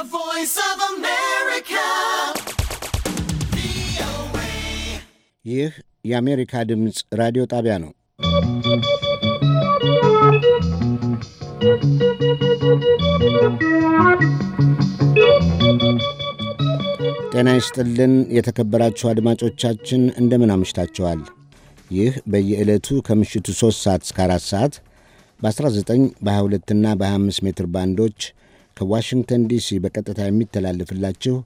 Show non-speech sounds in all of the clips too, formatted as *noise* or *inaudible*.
The voice of America. ይህ የአሜሪካ ድምፅ ራዲዮ ጣቢያ ነው። ጤና ይስጥልን የተከበራችሁ አድማጮቻችን እንደምን አምሽታችኋል? ይህ በየዕለቱ ከምሽቱ 3 ሰዓት እስከ 4 ሰዓት በ19 በ22ና በ25 ሜትር ባንዶች ከዋሽንግተን ዲሲ በቀጥታ የሚተላለፍላችሁ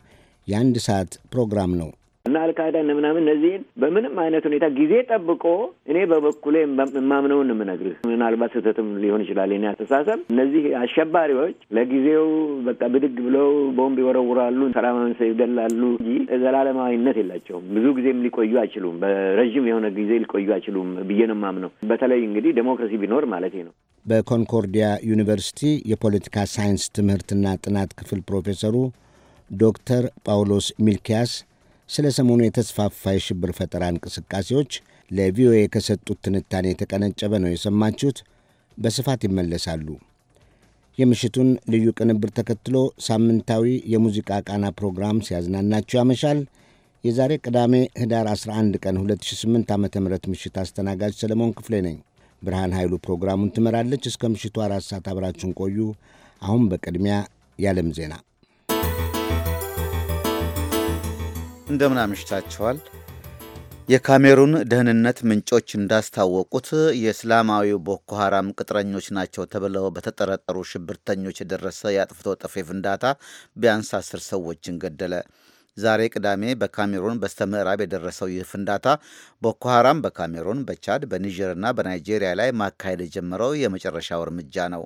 የአንድ ሰዓት ፕሮግራም ነው። እና አልቃይዳ እነ ምናምን እነዚህን በምንም አይነት ሁኔታ ጊዜ ጠብቆ እኔ በበኩሌ የማምነውን ነው የምነግርህ። ምናልባት ስህተትም ሊሆን ይችላል የኔ አስተሳሰብ። እነዚህ አሸባሪዎች ለጊዜው በቃ ብድግ ብለው ቦምብ ይወረውራሉ፣ ሰላማዊ ሰው ይገላሉ እንጂ ዘላለማዊነት የላቸውም። ብዙ ጊዜም ሊቆዩ አይችሉም። በረዥም የሆነ ጊዜ ሊቆዩ አይችሉም ብዬ ነው የማምነው። በተለይ እንግዲህ ዴሞክራሲ ቢኖር ማለት ነው። በኮንኮርዲያ ዩኒቨርሲቲ የፖለቲካ ሳይንስ ትምህርትና ጥናት ክፍል ፕሮፌሰሩ ዶክተር ጳውሎስ ሚልኪያስ ስለ ሰሞኑ የተስፋፋ የሽብር ፈጠራ እንቅስቃሴዎች ለቪኦኤ ከሰጡት ትንታኔ የተቀነጨበ ነው የሰማችሁት። በስፋት ይመለሳሉ። የምሽቱን ልዩ ቅንብር ተከትሎ ሳምንታዊ የሙዚቃ ቃና ፕሮግራም ሲያዝናናችሁ ያመሻል። የዛሬ ቅዳሜ ህዳር 11 ቀን 2008 ዓ ም ምሽት አስተናጋጅ ሰለሞን ክፍሌ ነኝ። ብርሃን ኃይሉ ፕሮግራሙን ትመራለች። እስከ ምሽቱ አራት ሰዓት አብራችሁን ቆዩ። አሁን በቅድሚያ የዓለም ዜና እንደምን አምሽታችኋል። የካሜሩን ደህንነት ምንጮች እንዳስታወቁት የእስላማዊው ቦኮ ሐራም ቅጥረኞች ናቸው ተብለው በተጠረጠሩ ሽብርተኞች የደረሰ የአጥፍቶ ጠፊ ፍንዳታ ቢያንስ አስር ሰዎችን ገደለ። ዛሬ ቅዳሜ በካሜሩን በስተምዕራብ የደረሰው ይህ ፍንዳታ ቦኮ ሐራም በካሜሩን፣ በቻድ፣ በኒጀርና በናይጄሪያ ላይ ማካሄድ የጀመረው የመጨረሻው እርምጃ ነው።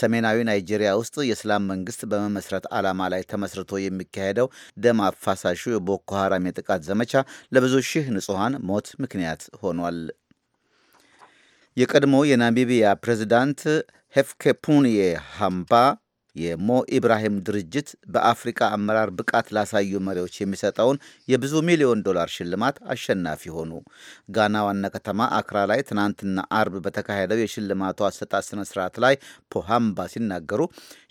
ሰሜናዊ ናይጄሪያ ውስጥ የእስላም መንግስት በመመስረት ዓላማ ላይ ተመስርቶ የሚካሄደው ደም አፋሳሹ የቦኮ የጥቃት ዘመቻ ለብዙ ሺህ ንጹሐን ሞት ምክንያት ሆኗል። የቀድሞ የናሚቢያ ፕሬዚዳንት ሄፍኬፑንዬ ሃምባ የሞ ኢብራሂም ድርጅት በአፍሪካ አመራር ብቃት ላሳዩ መሪዎች የሚሰጠውን የብዙ ሚሊዮን ዶላር ሽልማት አሸናፊ ሆኑ። ጋና ዋና ከተማ አክራ ላይ ትናንትና አርብ በተካሄደው የሽልማቱ አሰጣጥ ስነ ስርዓት ላይ ፖሃምባ ሲናገሩ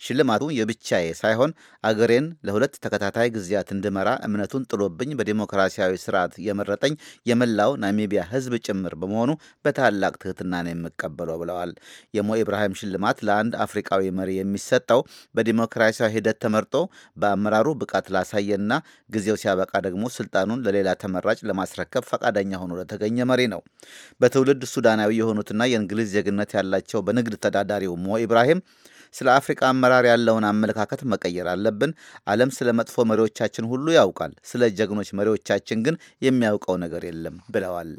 ሽልማቱ የብቻዬ ሳይሆን አገሬን ለሁለት ተከታታይ ጊዜያት እንድመራ እምነቱን ጥሎብኝ በዲሞክራሲያዊ ስርዓት የመረጠኝ የመላው ናሚቢያ ሕዝብ ጭምር በመሆኑ በታላቅ ትህትና ነው የምቀበለው ብለዋል። የሞ ኢብራሂም ሽልማት ለአንድ አፍሪካዊ መሪ የሚሰጠው በዲሞክራሲያዊ ሂደት ተመርጦ በአመራሩ ብቃት ላሳየና ጊዜው ሲያበቃ ደግሞ ስልጣኑን ለሌላ ተመራጭ ለማስረከብ ፈቃደኛ ሆኖ ለተገኘ መሪ ነው። በትውልድ ሱዳናዊ የሆኑትና የእንግሊዝ ዜግነት ያላቸው በንግድ ተዳዳሪው ሞ ኢብራሂም ስለ አፍሪቃ አመራር ያለውን አመለካከት መቀየር አለብን። ዓለም ስለ መጥፎ መሪዎቻችን ሁሉ ያውቃል፣ ስለ ጀግኖች መሪዎቻችን ግን የሚያውቀው ነገር የለም ብለዋል።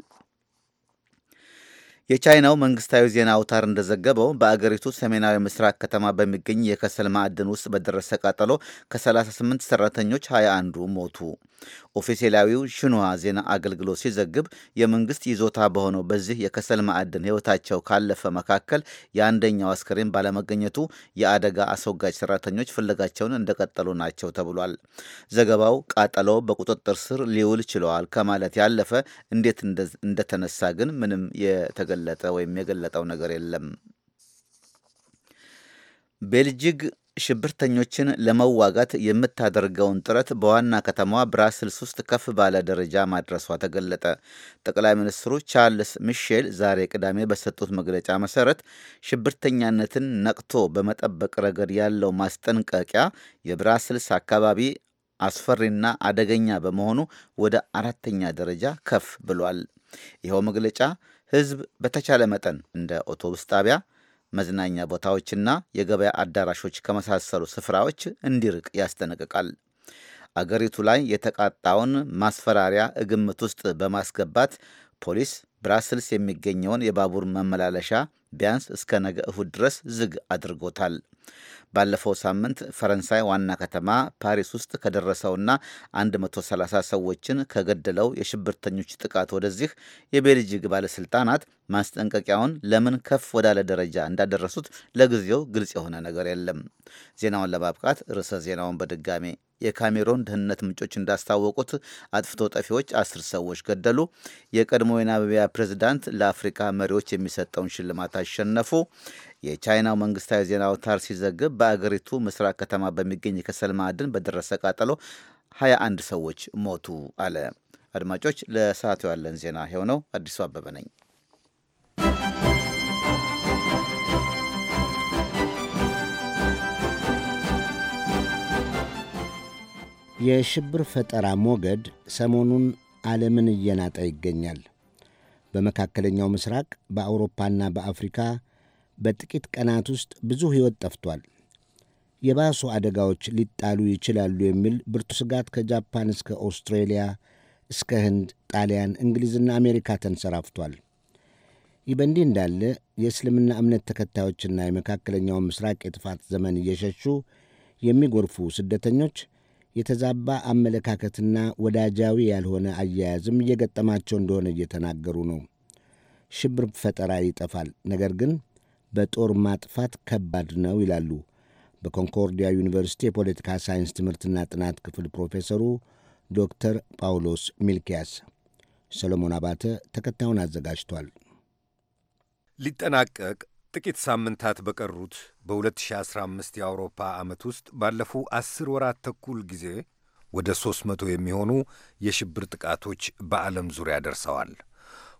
የቻይናው መንግስታዊ ዜና አውታር እንደዘገበው በአገሪቱ ሰሜናዊ ምስራቅ ከተማ በሚገኝ የከሰል ማዕድን ውስጥ በደረሰ ቃጠሎ ከ38 ሰራተኞች 21ዱ ሞቱ። ኦፊሴላዊው ሽንዋ ዜና አገልግሎት ሲዘግብ የመንግስት ይዞታ በሆነው በዚህ የከሰል ማዕድን ሕይወታቸው ካለፈ መካከል የአንደኛው አስክሬን ባለመገኘቱ የአደጋ አስወጋጅ ሰራተኞች ፍለጋቸውን እንደቀጠሉ ናቸው ተብሏል። ዘገባው ቃጠሎ በቁጥጥር ስር ሊውል ችለዋል ከማለት ያለፈ እንዴት እንደተነሳ ግን ምንም የተገ የገለጠ ወይም የገለጠው ነገር የለም። ቤልጅግ ሽብርተኞችን ለመዋጋት የምታደርገውን ጥረት በዋና ከተማዋ ብራስልስ ውስጥ ከፍ ባለ ደረጃ ማድረሷ ተገለጠ። ጠቅላይ ሚኒስትሩ ቻርልስ ሚሼል ዛሬ ቅዳሜ በሰጡት መግለጫ መሰረት ሽብርተኛነትን ነቅቶ በመጠበቅ ረገድ ያለው ማስጠንቀቂያ የብራስልስ አካባቢ አስፈሪና አደገኛ በመሆኑ ወደ አራተኛ ደረጃ ከፍ ብሏል። ይኸው መግለጫ ህዝብ በተቻለ መጠን እንደ አውቶቡስ ጣቢያ፣ መዝናኛ ቦታዎችና የገበያ አዳራሾች ከመሳሰሉ ስፍራዎች እንዲርቅ ያስጠነቅቃል። አገሪቱ ላይ የተቃጣውን ማስፈራሪያ ግምት ውስጥ በማስገባት ፖሊስ ብራስልስ የሚገኘውን የባቡር መመላለሻ ቢያንስ እስከ ነገ እሁድ ድረስ ዝግ አድርጎታል። ባለፈው ሳምንት ፈረንሳይ ዋና ከተማ ፓሪስ ውስጥ ከደረሰውና 130 ሰዎችን ከገደለው የሽብርተኞች ጥቃት ወደዚህ የቤልጅግ ባለስልጣናት ማስጠንቀቂያውን ለምን ከፍ ወዳለ ደረጃ እንዳደረሱት ለጊዜው ግልጽ የሆነ ነገር የለም። ዜናውን ለማብቃት ርዕሰ ዜናውን በድጋሜ የካሜሮን ደህንነት ምንጮች እንዳስታወቁት አጥፍቶ ጠፊዎች አስር ሰዎች ገደሉ። የቀድሞ የናሚቢያ ፕሬዚዳንት ለአፍሪካ መሪዎች የሚሰጠውን ሽልማት አሸነፉ። የቻይናው መንግስታዊ ዜና አውታር ሲዘግብ በአገሪቱ ምስራቅ ከተማ በሚገኝ የከሰል ማዕድን በደረሰ ቃጠሎ 21 ሰዎች ሞቱ አለ። አድማጮች ለሰዓቱ ያለን ዜና የሆነው አዲሱ አበበ ነኝ። የሽብር ፈጠራ ሞገድ ሰሞኑን ዓለምን እየናጠ ይገኛል። በመካከለኛው ምስራቅ፣ በአውሮፓና በአፍሪካ በጥቂት ቀናት ውስጥ ብዙ ሕይወት ጠፍቷል። የባሱ አደጋዎች ሊጣሉ ይችላሉ የሚል ብርቱ ስጋት ከጃፓን እስከ ኦስትሬሊያ እስከ ህንድ፣ ጣሊያን፣ እንግሊዝና አሜሪካ ተንሰራፍቷል። ይህ በእንዲህ እንዳለ የእስልምና እምነት ተከታዮችና የመካከለኛውን ምስራቅ የጥፋት ዘመን እየሸሹ የሚጎርፉ ስደተኞች የተዛባ አመለካከትና ወዳጃዊ ያልሆነ አያያዝም እየገጠማቸው እንደሆነ እየተናገሩ ነው። ሽብር ፈጠራ ይጠፋል፣ ነገር ግን በጦር ማጥፋት ከባድ ነው ይላሉ በኮንኮርዲያ ዩኒቨርሲቲ የፖለቲካ ሳይንስ ትምህርትና ጥናት ክፍል ፕሮፌሰሩ ዶክተር ጳውሎስ ሚልኪያስ። ሰሎሞን አባተ ተከታዩን አዘጋጅቷል። ሊጠናቀቅ ጥቂት ሳምንታት በቀሩት በ2015 የአውሮፓ ዓመት ውስጥ ባለፉ አስር ወራት ተኩል ጊዜ ወደ 300 መቶ የሚሆኑ የሽብር ጥቃቶች በዓለም ዙሪያ ደርሰዋል።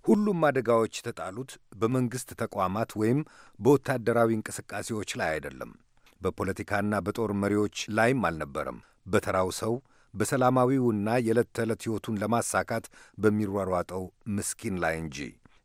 ሁሉም አደጋዎች የተጣሉት በመንግሥት ተቋማት ወይም በወታደራዊ እንቅስቃሴዎች ላይ አይደለም። በፖለቲካና በጦር መሪዎች ላይም አልነበረም። በተራው ሰው በሰላማዊውና የዕለት ተዕለት ሕይወቱን ለማሳካት በሚሯሯጠው ምስኪን ላይ እንጂ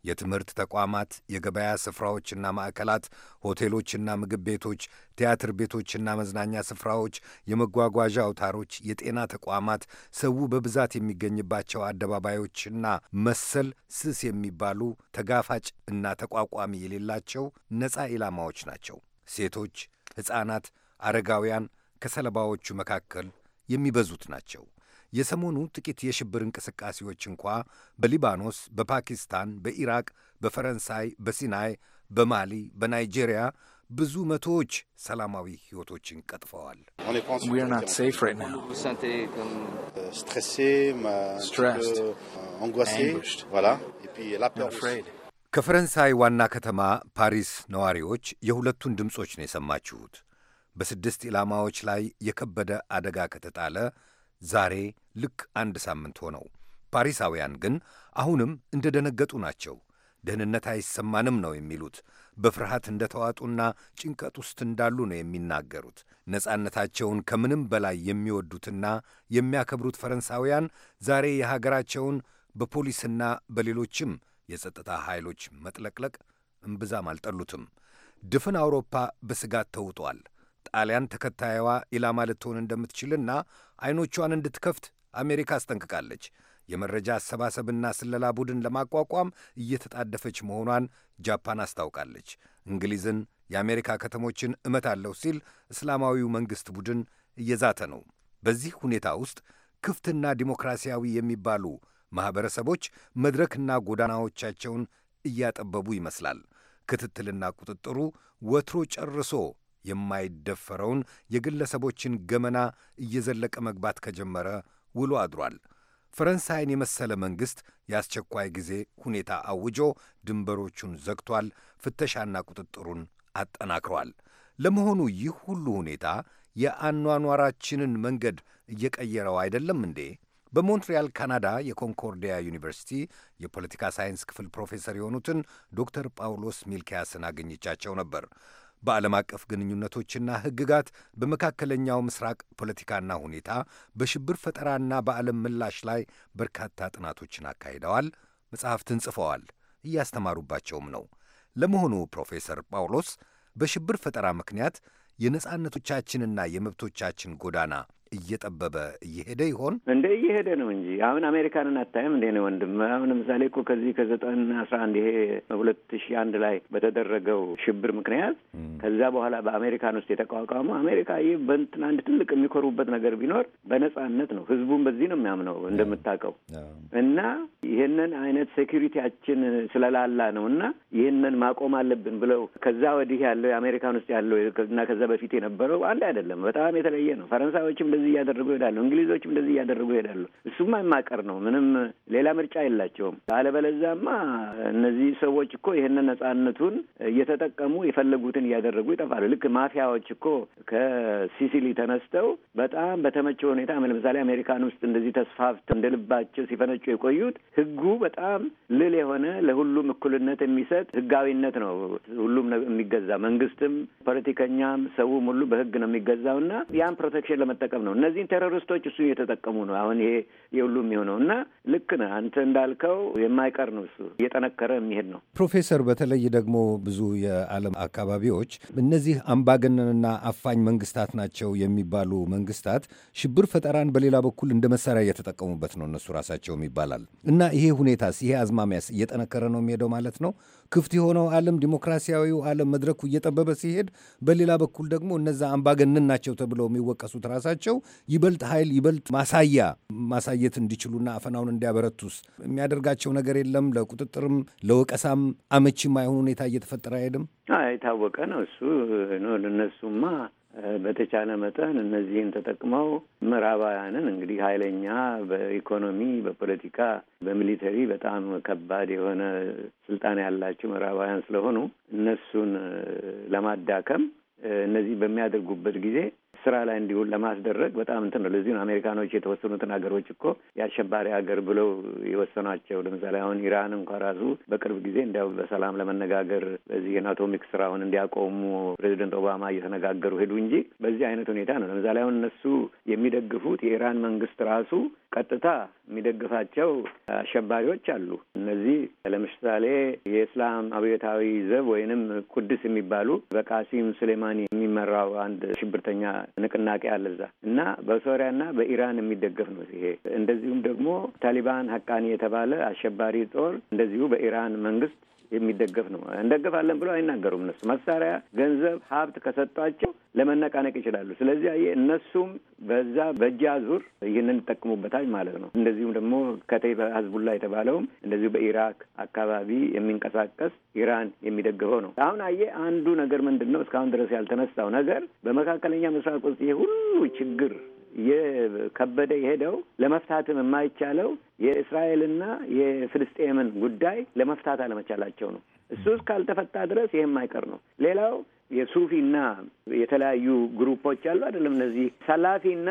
የትምህርት ተቋማት፣ የገበያ ስፍራዎችና ማዕከላት፣ ሆቴሎችና ምግብ ቤቶች፣ ቲያትር ቤቶችና መዝናኛ ስፍራዎች፣ የመጓጓዣ አውታሮች፣ የጤና ተቋማት፣ ሰው በብዛት የሚገኝባቸው አደባባዮችና መሰል ስስ የሚባሉ ተጋፋጭ እና ተቋቋሚ የሌላቸው ነፃ ኢላማዎች ናቸው። ሴቶች፣ ሕፃናት፣ አረጋውያን ከሰለባዎቹ መካከል የሚበዙት ናቸው። የሰሞኑ ጥቂት የሽብር እንቅስቃሴዎች እንኳ በሊባኖስ፣ በፓኪስታን፣ በኢራቅ፣ በፈረንሳይ፣ በሲናይ፣ በማሊ፣ በናይጄሪያ ብዙ መቶዎች ሰላማዊ ሕይወቶችን ቀጥፈዋል። ከፈረንሳይ ዋና ከተማ ፓሪስ ነዋሪዎች የሁለቱን ድምፆች ነው የሰማችሁት። በስድስት ኢላማዎች ላይ የከበደ አደጋ ከተጣለ ዛሬ ልክ አንድ ሳምንት ሆነው። ፓሪሳውያን ግን አሁንም እንደደነገጡ ናቸው። ደህንነት አይሰማንም ነው የሚሉት። በፍርሃት እንደተዋጡና ጭንቀት ውስጥ እንዳሉ ነው የሚናገሩት። ነጻነታቸውን ከምንም በላይ የሚወዱትና የሚያከብሩት ፈረንሳውያን ዛሬ የሀገራቸውን በፖሊስና በሌሎችም የጸጥታ ኃይሎች መጥለቅለቅ እምብዛም አልጠሉትም። ድፍን አውሮፓ በስጋት ተውጧል። ጣሊያን ተከታይዋ ኢላማ ልትሆን እንደምትችልና አይኖቿን እንድትከፍት አሜሪካ አስጠንቅቃለች። የመረጃ አሰባሰብና ስለላ ቡድን ለማቋቋም እየተጣደፈች መሆኗን ጃፓን አስታውቃለች። እንግሊዝን፣ የአሜሪካ ከተሞችን እመታለሁ ሲል እስላማዊው መንግሥት ቡድን እየዛተ ነው። በዚህ ሁኔታ ውስጥ ክፍትና ዲሞክራሲያዊ የሚባሉ ማኅበረሰቦች መድረክና ጎዳናዎቻቸውን እያጠበቡ ይመስላል። ክትትልና ቁጥጥሩ ወትሮ ጨርሶ የማይደፈረውን የግለሰቦችን ገመና እየዘለቀ መግባት ከጀመረ ውሎ አድሯል። ፈረንሳይን የመሰለ መንግሥት የአስቸኳይ ጊዜ ሁኔታ አውጆ ድንበሮቹን ዘግቷል፣ ፍተሻና ቁጥጥሩን አጠናክሯል። ለመሆኑ ይህ ሁሉ ሁኔታ የአኗኗራችንን መንገድ እየቀየረው አይደለም እንዴ? በሞንትሪያል ካናዳ የኮንኮርዲያ ዩኒቨርሲቲ የፖለቲካ ሳይንስ ክፍል ፕሮፌሰር የሆኑትን ዶክተር ጳውሎስ ሚልኪያስን አገኘቻቸው ነበር። በዓለም አቀፍ ግንኙነቶችና ሕግጋት፣ በመካከለኛው ምስራቅ ፖለቲካና ሁኔታ፣ በሽብር ፈጠራና በዓለም ምላሽ ላይ በርካታ ጥናቶችን አካሂደዋል። መጽሐፍትን ጽፈዋል። እያስተማሩባቸውም ነው። ለመሆኑ ፕሮፌሰር ጳውሎስ በሽብር ፈጠራ ምክንያት የነጻነቶቻችንና የመብቶቻችን ጎዳና እየጠበበ እየሄደ ይሆን እንደ እየሄደ ነው እንጂ አሁን አሜሪካንን አታይም እንዴ ነው ወንድም። አሁን ለምሳሌ እኮ ከዚህ ከዘጠን አስራ አንድ ይሄ ሁለት ሺህ አንድ ላይ በተደረገው ሽብር ምክንያት ከዛ በኋላ በአሜሪካን ውስጥ የተቋቋሙ አሜሪካ ይህ በንትን አንድ ትልቅ የሚኮሩበት ነገር ቢኖር በነጻነት ነው። ህዝቡን በዚህ ነው የሚያምነው እንደምታውቀው እና ይህንን አይነት ሴኪሪቲያችን ስለላላ ነው እና ይህንን ማቆም አለብን ብለው ከዛ ወዲህ ያለው የአሜሪካን ውስጥ ያለው እና ከዛ በፊት የነበረው አንድ አይደለም፣ በጣም የተለየ ነው። ፈረንሳዮችም እንደዚህ እያደረጉ ይሄዳሉ፣ እንግሊዞችም እንደዚህ እያደረጉ ይሄዳሉ። እሱማ የማቀር ነው። ምንም ሌላ ምርጫ የላቸውም። አለበለዚያማ እነዚህ ሰዎች እኮ ይህንን ነጻነቱን እየተጠቀሙ የፈለጉትን እያደረጉ ይጠፋሉ። ልክ ማፊያዎች እኮ ከሲሲሊ ተነስተው በጣም በተመቸ ሁኔታ ለምሳሌ አሜሪካን ውስጥ እንደዚህ ተስፋፍተው እንደ ልባቸው ሲፈነጩ የቆዩት ህጉ በጣም ልል የሆነ ለሁሉም እኩልነት የሚሰጥ ህጋዊነት ነው። ሁሉም የሚገዛ መንግስትም፣ ፖለቲከኛም፣ ሰውም ሁሉ በህግ ነው የሚገዛው እና ያን ፕሮቴክሽን ለመጠቀም ነው ነው። እነዚህን ቴሮሪስቶች እሱ እየተጠቀሙ ነው። አሁን ይሄ የሁሉም የሆነው እና ልክ ነህ አንተ እንዳልከው የማይቀር ነው። እሱ እየጠነከረ የሚሄድ ነው። ፕሮፌሰር፣ በተለይ ደግሞ ብዙ የዓለም አካባቢዎች እነዚህ አምባገነንና አፋኝ መንግስታት ናቸው የሚባሉ መንግስታት ሽብር ፈጠራን በሌላ በኩል እንደ መሳሪያ እየተጠቀሙበት ነው እነሱ ራሳቸውም ይባላል እና ይሄ ሁኔታስ ይሄ አዝማሚያስ እየጠነከረ ነው የሚሄደው ማለት ነው። ክፍት የሆነው ዓለም ዲሞክራሲያዊው ዓለም መድረኩ እየጠበበ ሲሄድ፣ በሌላ በኩል ደግሞ እነዛ አምባገነን ናቸው ተብለው የሚወቀሱት ራሳቸው ይበልጥ ኃይል ይበልጥ ማሳያ ማሳየት እንዲችሉና አፈናውን እንዲያበረቱስ የሚያደርጋቸው ነገር የለም? ለቁጥጥርም ለወቀሳም አመቺ የማይሆን ሁኔታ እየተፈጠረ አይሄድም? የታወቀ ነው እሱ። ለነሱማ በተቻለ መጠን እነዚህን ተጠቅመው ምዕራባውያንን እንግዲህ ኃይለኛ በኢኮኖሚ፣ በፖለቲካ፣ በሚሊተሪ በጣም ከባድ የሆነ ስልጣን ያላቸው ምዕራባውያን ስለሆኑ እነሱን ለማዳከም እነዚህ በሚያደርጉበት ጊዜ ስራ ላይ እንዲሁን ለማስደረግ በጣም እንትን ነው። ለዚህ ነው አሜሪካኖች የተወሰኑትን ሀገሮች እኮ የአሸባሪ ሀገር ብለው የወሰኗቸው። ለምሳሌ አሁን ኢራን እንኳ ራሱ በቅርብ ጊዜ እንዲያው በሰላም ለመነጋገር በዚህ የአቶሚክ ስራውን እንዲያቆሙ ፕሬዚደንት ኦባማ እየተነጋገሩ ሄዱ እንጂ በዚህ አይነት ሁኔታ ነው። ለምሳሌ አሁን እነሱ የሚደግፉት የኢራን መንግስት ራሱ ቀጥታ የሚደግፋቸው አሸባሪዎች አሉ። እነዚህ ለምሳሌ የእስላም አብዮታዊ ዘብ ወይንም ቁድስ የሚባሉ በቃሲም ሱሌማኒ የሚመራው አንድ ሽብርተኛ ንቅናቄ አለ እዛ እና በሶሪያና በኢራን የሚደገፍ ነው ይሄ። እንደዚሁም ደግሞ ታሊባን ሀቃኒ የተባለ አሸባሪ ጦር እንደዚሁ በኢራን መንግስት የሚደገፍ ነው። እንደገፋለን ብለው አይናገሩም። እነሱ መሳሪያ፣ ገንዘብ፣ ሀብት ከሰጧቸው ለመነቃነቅ ይችላሉ። ስለዚህ አየህ እነሱም በዛ በእጃ ዙር ይህንን ይጠቅሙበታል ማለት ነው። እንደዚሁም ደግሞ ከተይበ ህዝቡላ የተባለውም እንደዚሁ በኢራቅ አካባቢ የሚንቀሳቀስ ኢራን የሚደግፈው ነው። አሁን አየህ አንዱ ነገር ምንድን ነው እስካሁን ድረስ ያልተነሳው ነገር በመካከለኛ ምስራቅ ውስጥ ይሄ ሁሉ ችግር የከበደ የሄደው ለመፍታትም የማይቻለው የእስራኤልና የፍልስጤምን ጉዳይ ለመፍታት አለመቻላቸው ነው። እሱ እስካልተፈታ ድረስ ይህም አይቀር ነው። ሌላው የሱፊና የተለያዩ ግሩፖች አሉ አይደለም። እነዚህ ሰላፊና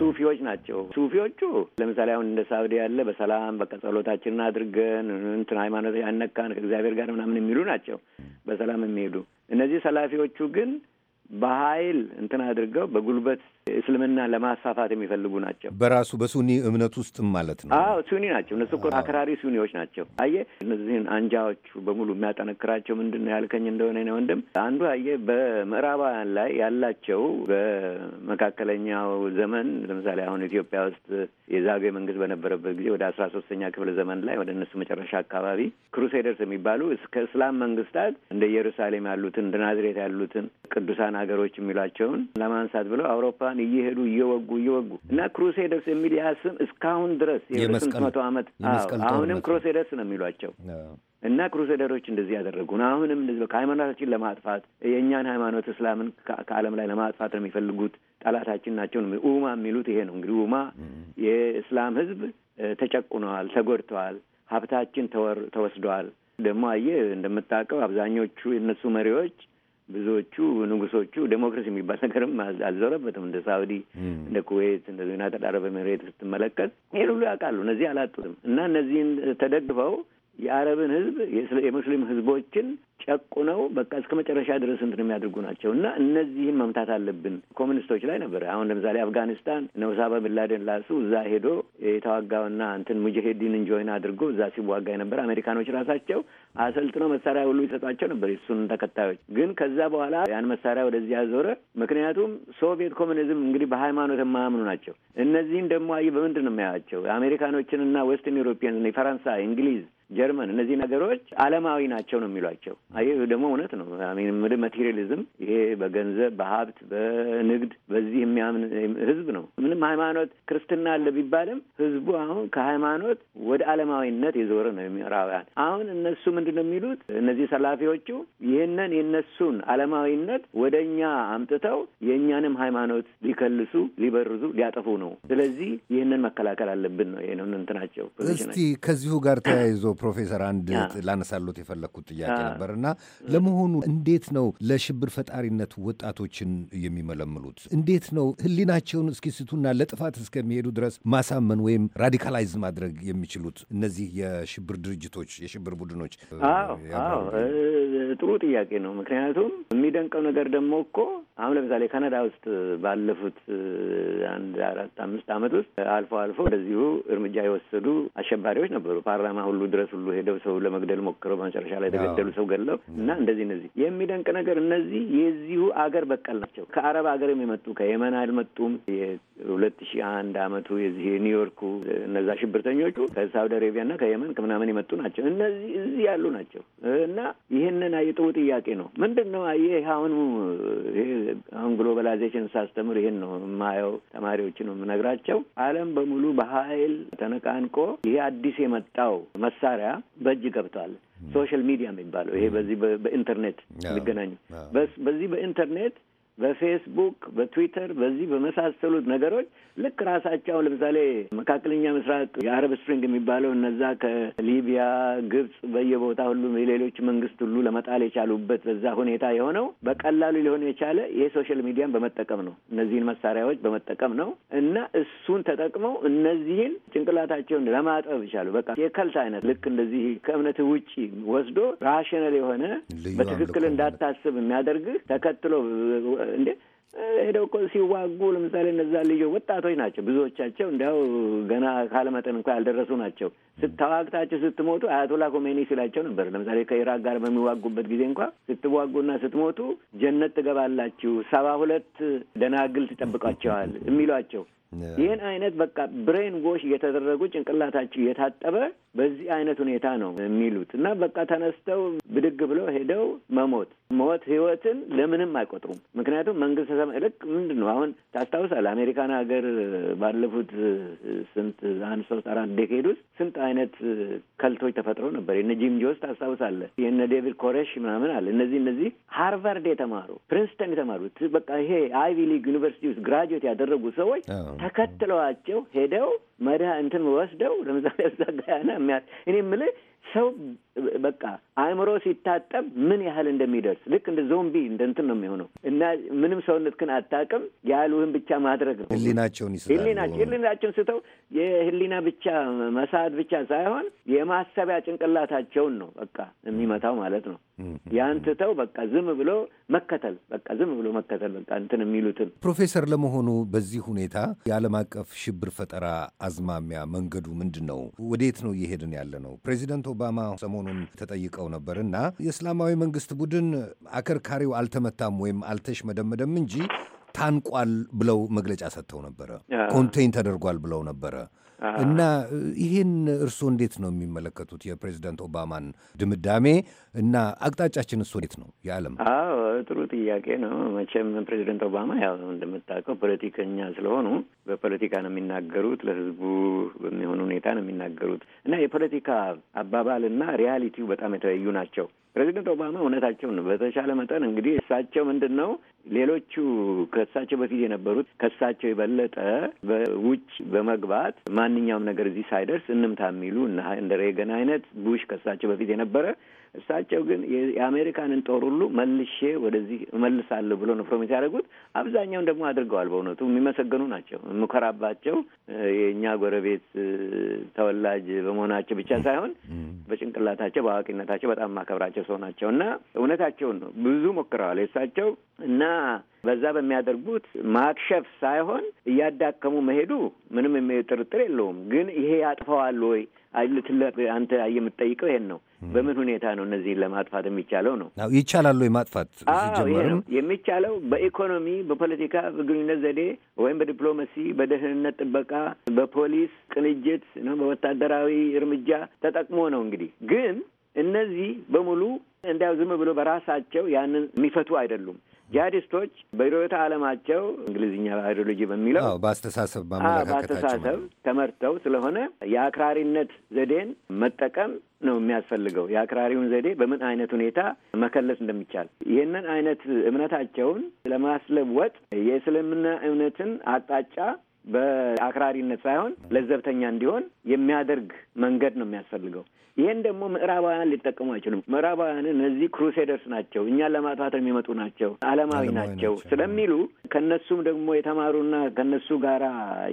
ሱፊዎች ናቸው። ሱፊዎቹ ለምሳሌ አሁን እንደ ሳውዲ ያለ በሰላም በቃ ጸሎታችንን አድርገን እንትን ሃይማኖት ያነካን ከእግዚአብሔር ጋር ምናምን የሚሉ ናቸው። በሰላም የሚሄዱ እነዚህ ሰላፊዎቹ ግን በኃይል እንትን አድርገው በጉልበት እስልምና ለማስፋፋት የሚፈልጉ ናቸው። በራሱ በሱኒ እምነት ውስጥ ማለት ነው። አዎ ሱኒ ናቸው እነሱ እኮ አክራሪ ሱኒዎች ናቸው። አየ እነዚህን አንጃዎች በሙሉ የሚያጠነክራቸው ምንድን ነው ያልከኝ እንደሆነ ነው ወንድም አንዱ አየ በምዕራባውያን ላይ ያላቸው በመካከለኛው ዘመን ለምሳሌ አሁን ኢትዮጵያ ውስጥ የዛጌ መንግስት በነበረበት ጊዜ ወደ አስራ ሶስተኛ ክፍለ ዘመን ላይ ወደ እነሱ መጨረሻ አካባቢ ክሩሴደርስ የሚባሉ እስከ እስላም መንግስታት እንደ ኢየሩሳሌም ያሉትን እንደ ናዝሬት ያሉትን ቅዱሳን ሀገሮች የሚሏቸውን ለማንሳት ብለው አውሮፓ ሮማን እየሄዱ እየወጉ እየወጉ እና ክሩሴደርስ የሚል ያ ስም እስካሁን ድረስ የስንት መቶ ዓመት አሁንም ክሩሴደርስ ነው የሚሏቸው እና ክሩሴደሮች እንደዚህ ያደረጉ ያደረጉን አሁንም እንደዚህ ከሃይማኖታችን ለማጥፋት የእኛን ሃይማኖት እስላምን ከዓለም ላይ ለማጥፋት ነው የሚፈልጉት። ጠላታችን ናቸው። ኡማ የሚሉት ይሄ ነው እንግዲህ። ኡማ የእስላም ህዝብ ተጨቁነዋል፣ ተጎድተዋል፣ ሀብታችን ተወስደዋል። ደግሞ አየህ እንደምታውቀው አብዛኞቹ የእነሱ መሪዎች ብዙዎቹ ንጉሶቹ ዴሞክራሲ የሚባል ነገርም አልዞረበትም። እንደ ሳኡዲ፣ እንደ ኩዌት፣ እንደ ዩናይትድ አረብ ኤምሬት ስትመለከት ይሄን ሁሉ ያውቃሉ። እነዚህ አላጡትም እና እነዚህን ተደግፈው የአረብን ህዝብ የሙስሊም ህዝቦችን ጨቁነው በቃ እስከ መጨረሻ ድረስ እንትን የሚያደርጉ ናቸው እና እነዚህን መምታት አለብን። ኮሚኒስቶች ላይ ነበረ። አሁን ለምሳሌ አፍጋኒስታን ነው ኡሳማ ቢንላደን ላሱ እዛ ሄዶ የተዋጋውና እንትን ሙጃሂዲንን ጆይን አድርጎ እዛ ሲዋጋ የነበረ አሜሪካኖች ራሳቸው አሰልጥነው መሳሪያ ሁሉ ይሰጧቸው ነበር የሱን ተከታዮች። ግን ከዛ በኋላ ያን መሳሪያ ወደዚህ ያዞረ። ምክንያቱም ሶቪየት ኮሚኒዝም እንግዲህ በሃይማኖት የማያምኑ ናቸው። እነዚህን ደግሞ አይ በምንድን ነው የሚያያቸው? አሜሪካኖችንና ዌስትን ዩሮፒያንስ ፈረንሳይ፣ እንግሊዝ ጀርመን እነዚህ ነገሮች አለማዊ ናቸው ነው የሚሏቸው። ይህ ደግሞ እውነት ነው። ምድ ማቴሪያሊዝም ይሄ በገንዘብ በሀብት በንግድ በዚህ የሚያምን ህዝብ ነው። ምንም ሃይማኖት ክርስትና አለ ቢባልም ህዝቡ አሁን ከሃይማኖት ወደ አለማዊነት የዞረ ነው። የምዕራባውያን አሁን እነሱ ምንድን ነው የሚሉት? እነዚህ ሰላፊዎቹ ይህንን የነሱን አለማዊነት ወደ እኛ አምጥተው የእኛንም ሃይማኖት ሊከልሱ ሊበርዙ ሊያጠፉ ነው። ስለዚህ ይህንን መከላከል አለብን ነው ይህንን እንትናቸው። እስቲ ከዚሁ ጋር ተያይዞ ፕሮፌሰር አንድ ላነሳሎት የፈለግኩት ጥያቄ ነበር እና ለመሆኑ እንዴት ነው ለሽብር ፈጣሪነት ወጣቶችን የሚመለምሉት? እንዴት ነው ህሊናቸውን እስኪስቱና ለጥፋት እስከሚሄዱ ድረስ ማሳመን ወይም ራዲካላይዝ ማድረግ የሚችሉት እነዚህ የሽብር ድርጅቶች፣ የሽብር ቡድኖች? ጥሩ ጥያቄ ነው። ምክንያቱም የሚደንቀው ነገር ደግሞ እኮ አሁን ለምሳሌ ካናዳ ውስጥ ባለፉት አንድ አራት አምስት ዓመት ውስጥ አልፎ አልፎ እንደዚሁ እርምጃ የወሰዱ አሸባሪዎች ነበሩ ፓርላማ ሁሉ ድረስ ድረስ ሁሉ ሄደው ሰው ለመግደል ሞክረው በመጨረሻ ላይ የተገደሉ ሰው ገለው እና እንደዚህ እነዚህ የሚደንቅ ነገር እነዚህ የዚሁ አገር በቀል ናቸው። ከአረብ ሀገር የመጡ ከየመን አልመጡም። የሁለት ሺ አንድ አመቱ የዚህ ኒውዮርኩ እነዛ ሽብርተኞቹ ከሳውዲ አረቢያና ከየመን ከምናምን የመጡ ናቸው። እነዚህ እዚህ ያሉ ናቸው እና ይህንን አየጥቡ ጥያቄ ነው ምንድን ነው ይህ አሁኑ አሁን ግሎባላይዜሽን ሳስተምር ይህን ነው የማየው ተማሪዎች ነው የምነግራቸው። አለም በሙሉ በሀይል ተነቃንቆ ይሄ አዲስ የመጣው መሳሪያ መሳሪያ በእጅ ገብቷል። ሶሻል ሚዲያ የሚባለው ይሄ በዚህ በኢንተርኔት የሚገናኙ በዚህ በኢንተርኔት በፌስቡክ፣ በትዊተር በዚህ በመሳሰሉት ነገሮች ልክ ራሳቸው ለምሳሌ መካከለኛ ምስራቅ የአረብ ስፕሪንግ የሚባለው እነዛ ከሊቢያ ግብጽ፣ በየቦታ ሁሉ የሌሎች መንግስት ሁሉ ለመጣል የቻሉበት በዛ ሁኔታ የሆነው በቀላሉ ሊሆን የቻለ ሶሻል ሚዲያን በመጠቀም ነው። እነዚህን መሳሪያዎች በመጠቀም ነው እና እሱን ተጠቅመው እነዚህን ጭንቅላታቸውን ለማጠብ ይቻሉ። በቃ የከልት አይነት ልክ እንደዚህ ከእምነት ውጪ ወስዶ ራሽናል የሆነ በትክክል እንዳታስብ የሚያደርግህ ተከትሎ እንዴ ሄደው እኮ ሲዋጉ ለምሳሌ እነዛ ልጆ ወጣቶች ናቸው። ብዙዎቻቸው እንዲያው ገና ካለመጠን እንኳ ያልደረሱ ናቸው። ስታዋግታቸው ስትሞቱ አያቶላ ኮሜኒ ሲላቸው ነበር። ለምሳሌ ከኢራቅ ጋር በሚዋጉበት ጊዜ እንኳ ስትዋጉና ስትሞቱ ጀነት ትገባላችሁ፣ ሰባ ሁለት ደናግል ትጠብቋቸዋል የሚሏቸው ይህን አይነት በቃ ብሬን ዎሽ እየተደረጉ ጭንቅላታቸው እየታጠበ በዚህ አይነት ሁኔታ ነው የሚሉት እና በቃ ተነስተው ብድግ ብለው ሄደው መሞት ሞት ህይወትን ለምንም አይቆጥሩም። ምክንያቱም መንግስት ሰማ ልክ ምንድን ነው አሁን ታስታውሳል አሜሪካን ሀገር ባለፉት ስንት አንድ ሶስት አራት ዴኬድ ውስጥ ስንት አይነት ከልቶች ተፈጥሮ ነበር። የነ ጂም ጆስ ታስታውሳለ የነ ዴቪድ ኮሬሽ ምናምን አለ እነዚህ እነዚህ ሃርቫርድ የተማሩ ፕሪንስተን የተማሩት በቃ ይሄ አይቪ ሊግ ዩኒቨርሲቲ ውስጥ ግራጁዌት ያደረጉ ሰዎች ተከትለዋቸው ሄደው መድህ እንትን ወስደው ለምሳሌ ዛ ጋያና እኔ የምልህ ሰው በቃ አእምሮ ሲታጠብ ምን ያህል እንደሚደርስ ልክ እንደ ዞምቢ እንደንትን ነው የሚሆነው እና ምንም ሰውነትህን አታውቅም ያሉህን ብቻ ማድረግ ነው። ህሊናቸውን ይስታል። ህሊናቸውን ስተው የህሊና ብቻ መሳት ብቻ ሳይሆን የማሰቢያ ጭንቅላታቸውን ነው በቃ የሚመታው ማለት ነው። ያን ትተው በቃ ዝም ብሎ መከተል በቃ ዝም ብሎ መከተል በቃ እንትን የሚሉትን ፕሮፌሰር፣ ለመሆኑ በዚህ ሁኔታ የዓለም አቀፍ ሽብር ፈጠራ አዝማሚያ መንገዱ ምንድን ነው? ወዴት ነው እየሄድን ያለ ነው? ፕሬዚደንት ኦባማ ሰሞኑን ተጠይቀው ነበር እና የእስላማዊ መንግስት ቡድን አከርካሪው አልተመታም ወይም አልተሽመደመደም እንጂ ታንቋል ብለው መግለጫ ሰጥተው ነበረ። ኮንቴይን ተደርጓል ብለው ነበረ። እና ይህን እርስዎ እንዴት ነው የሚመለከቱት? የፕሬዚዳንት ኦባማን ድምዳሜ እና አቅጣጫችን እሱ እንዴት ነው የዓለም? አዎ ጥሩ ጥያቄ ነው። መቼም ፕሬዚደንት ኦባማ ያው እንደምታውቀው ፖለቲከኛ ስለሆኑ በፖለቲካ ነው የሚናገሩት፣ ለህዝቡ በሚሆን ሁኔታ ነው የሚናገሩት እና የፖለቲካ አባባል እና ሪያሊቲው በጣም የተለያዩ ናቸው። ፕሬዚደንት ኦባማ እውነታቸው ነው። በተሻለ መጠን እንግዲህ እሳቸው ምንድን ነው ሌሎቹ ከእሳቸው በፊት የነበሩት ከእሳቸው የበለጠ በውጭ በመግባት ማንኛውም ነገር እዚህ ሳይደርስ እንምታ የሚሉ እንደ ሬገን አይነት ቡሽ ከእሳቸው በፊት የነበረ እሳቸው ግን የአሜሪካንን ጦር ሁሉ መልሼ ወደዚህ እመልሳለሁ ብሎ ነው ፕሮሚስ ያደረጉት። አብዛኛውን ደግሞ አድርገዋል። በእውነቱ የሚመሰገኑ ናቸው። የምኮራባቸው የእኛ ጎረቤት ተወላጅ በመሆናቸው ብቻ ሳይሆን በጭንቅላታቸው በአዋቂነታቸው በጣም ማከብራቸው ሰው ናቸው እና እውነታቸውን ነው። ብዙ ሞክረዋል የእሳቸው እና በዛ በሚያደርጉት ማክሸፍ ሳይሆን እያዳከሙ መሄዱ ምንም ጥርጥር የለውም። ግን ይሄ ያጥፈዋል ወይ አይልትለ አንተ የምትጠይቀው ይሄን ነው። በምን ሁኔታ ነው እነዚህን ለማጥፋት የሚቻለው? ነው ይቻላሉ ማጥፋት ሲጀመርም የሚቻለው በኢኮኖሚ፣ በፖለቲካ፣ በግንኙነት ዘዴ ወይም በዲፕሎማሲ፣ በደህንነት ጥበቃ፣ በፖሊስ ቅንጅት፣ በወታደራዊ እርምጃ ተጠቅሞ ነው። እንግዲህ ግን እነዚህ በሙሉ እንዲያው ዝም ብሎ በራሳቸው ያንን የሚፈቱ አይደሉም። ጂሀዲስቶች በርዕዮተ ዓለማቸው እንግሊዝኛ አይዲዮሎጂ በሚለው በአስተሳሰብ በአስተሳሰብ ተመርተው ስለሆነ የአክራሪነት ዘዴን መጠቀም ነው የሚያስፈልገው። የአክራሪውን ዘዴ በምን አይነት ሁኔታ መከለስ እንደሚቻል ይህንን አይነት እምነታቸውን ለማስለወጥ የእስልምና እምነትን አቅጣጫ በአክራሪነት ሳይሆን ለዘብተኛ እንዲሆን የሚያደርግ መንገድ ነው የሚያስፈልገው። ይህን ደግሞ ምዕራባውያን ሊጠቀሙ አይችሉም። ምዕራባውያን እነዚህ ክሩሴደርስ ናቸው፣ እኛን ለማጥፋት የሚመጡ ናቸው፣ አለማዊ ናቸው ስለሚሉ ከነሱም ደግሞ የተማሩና ከነሱ ጋር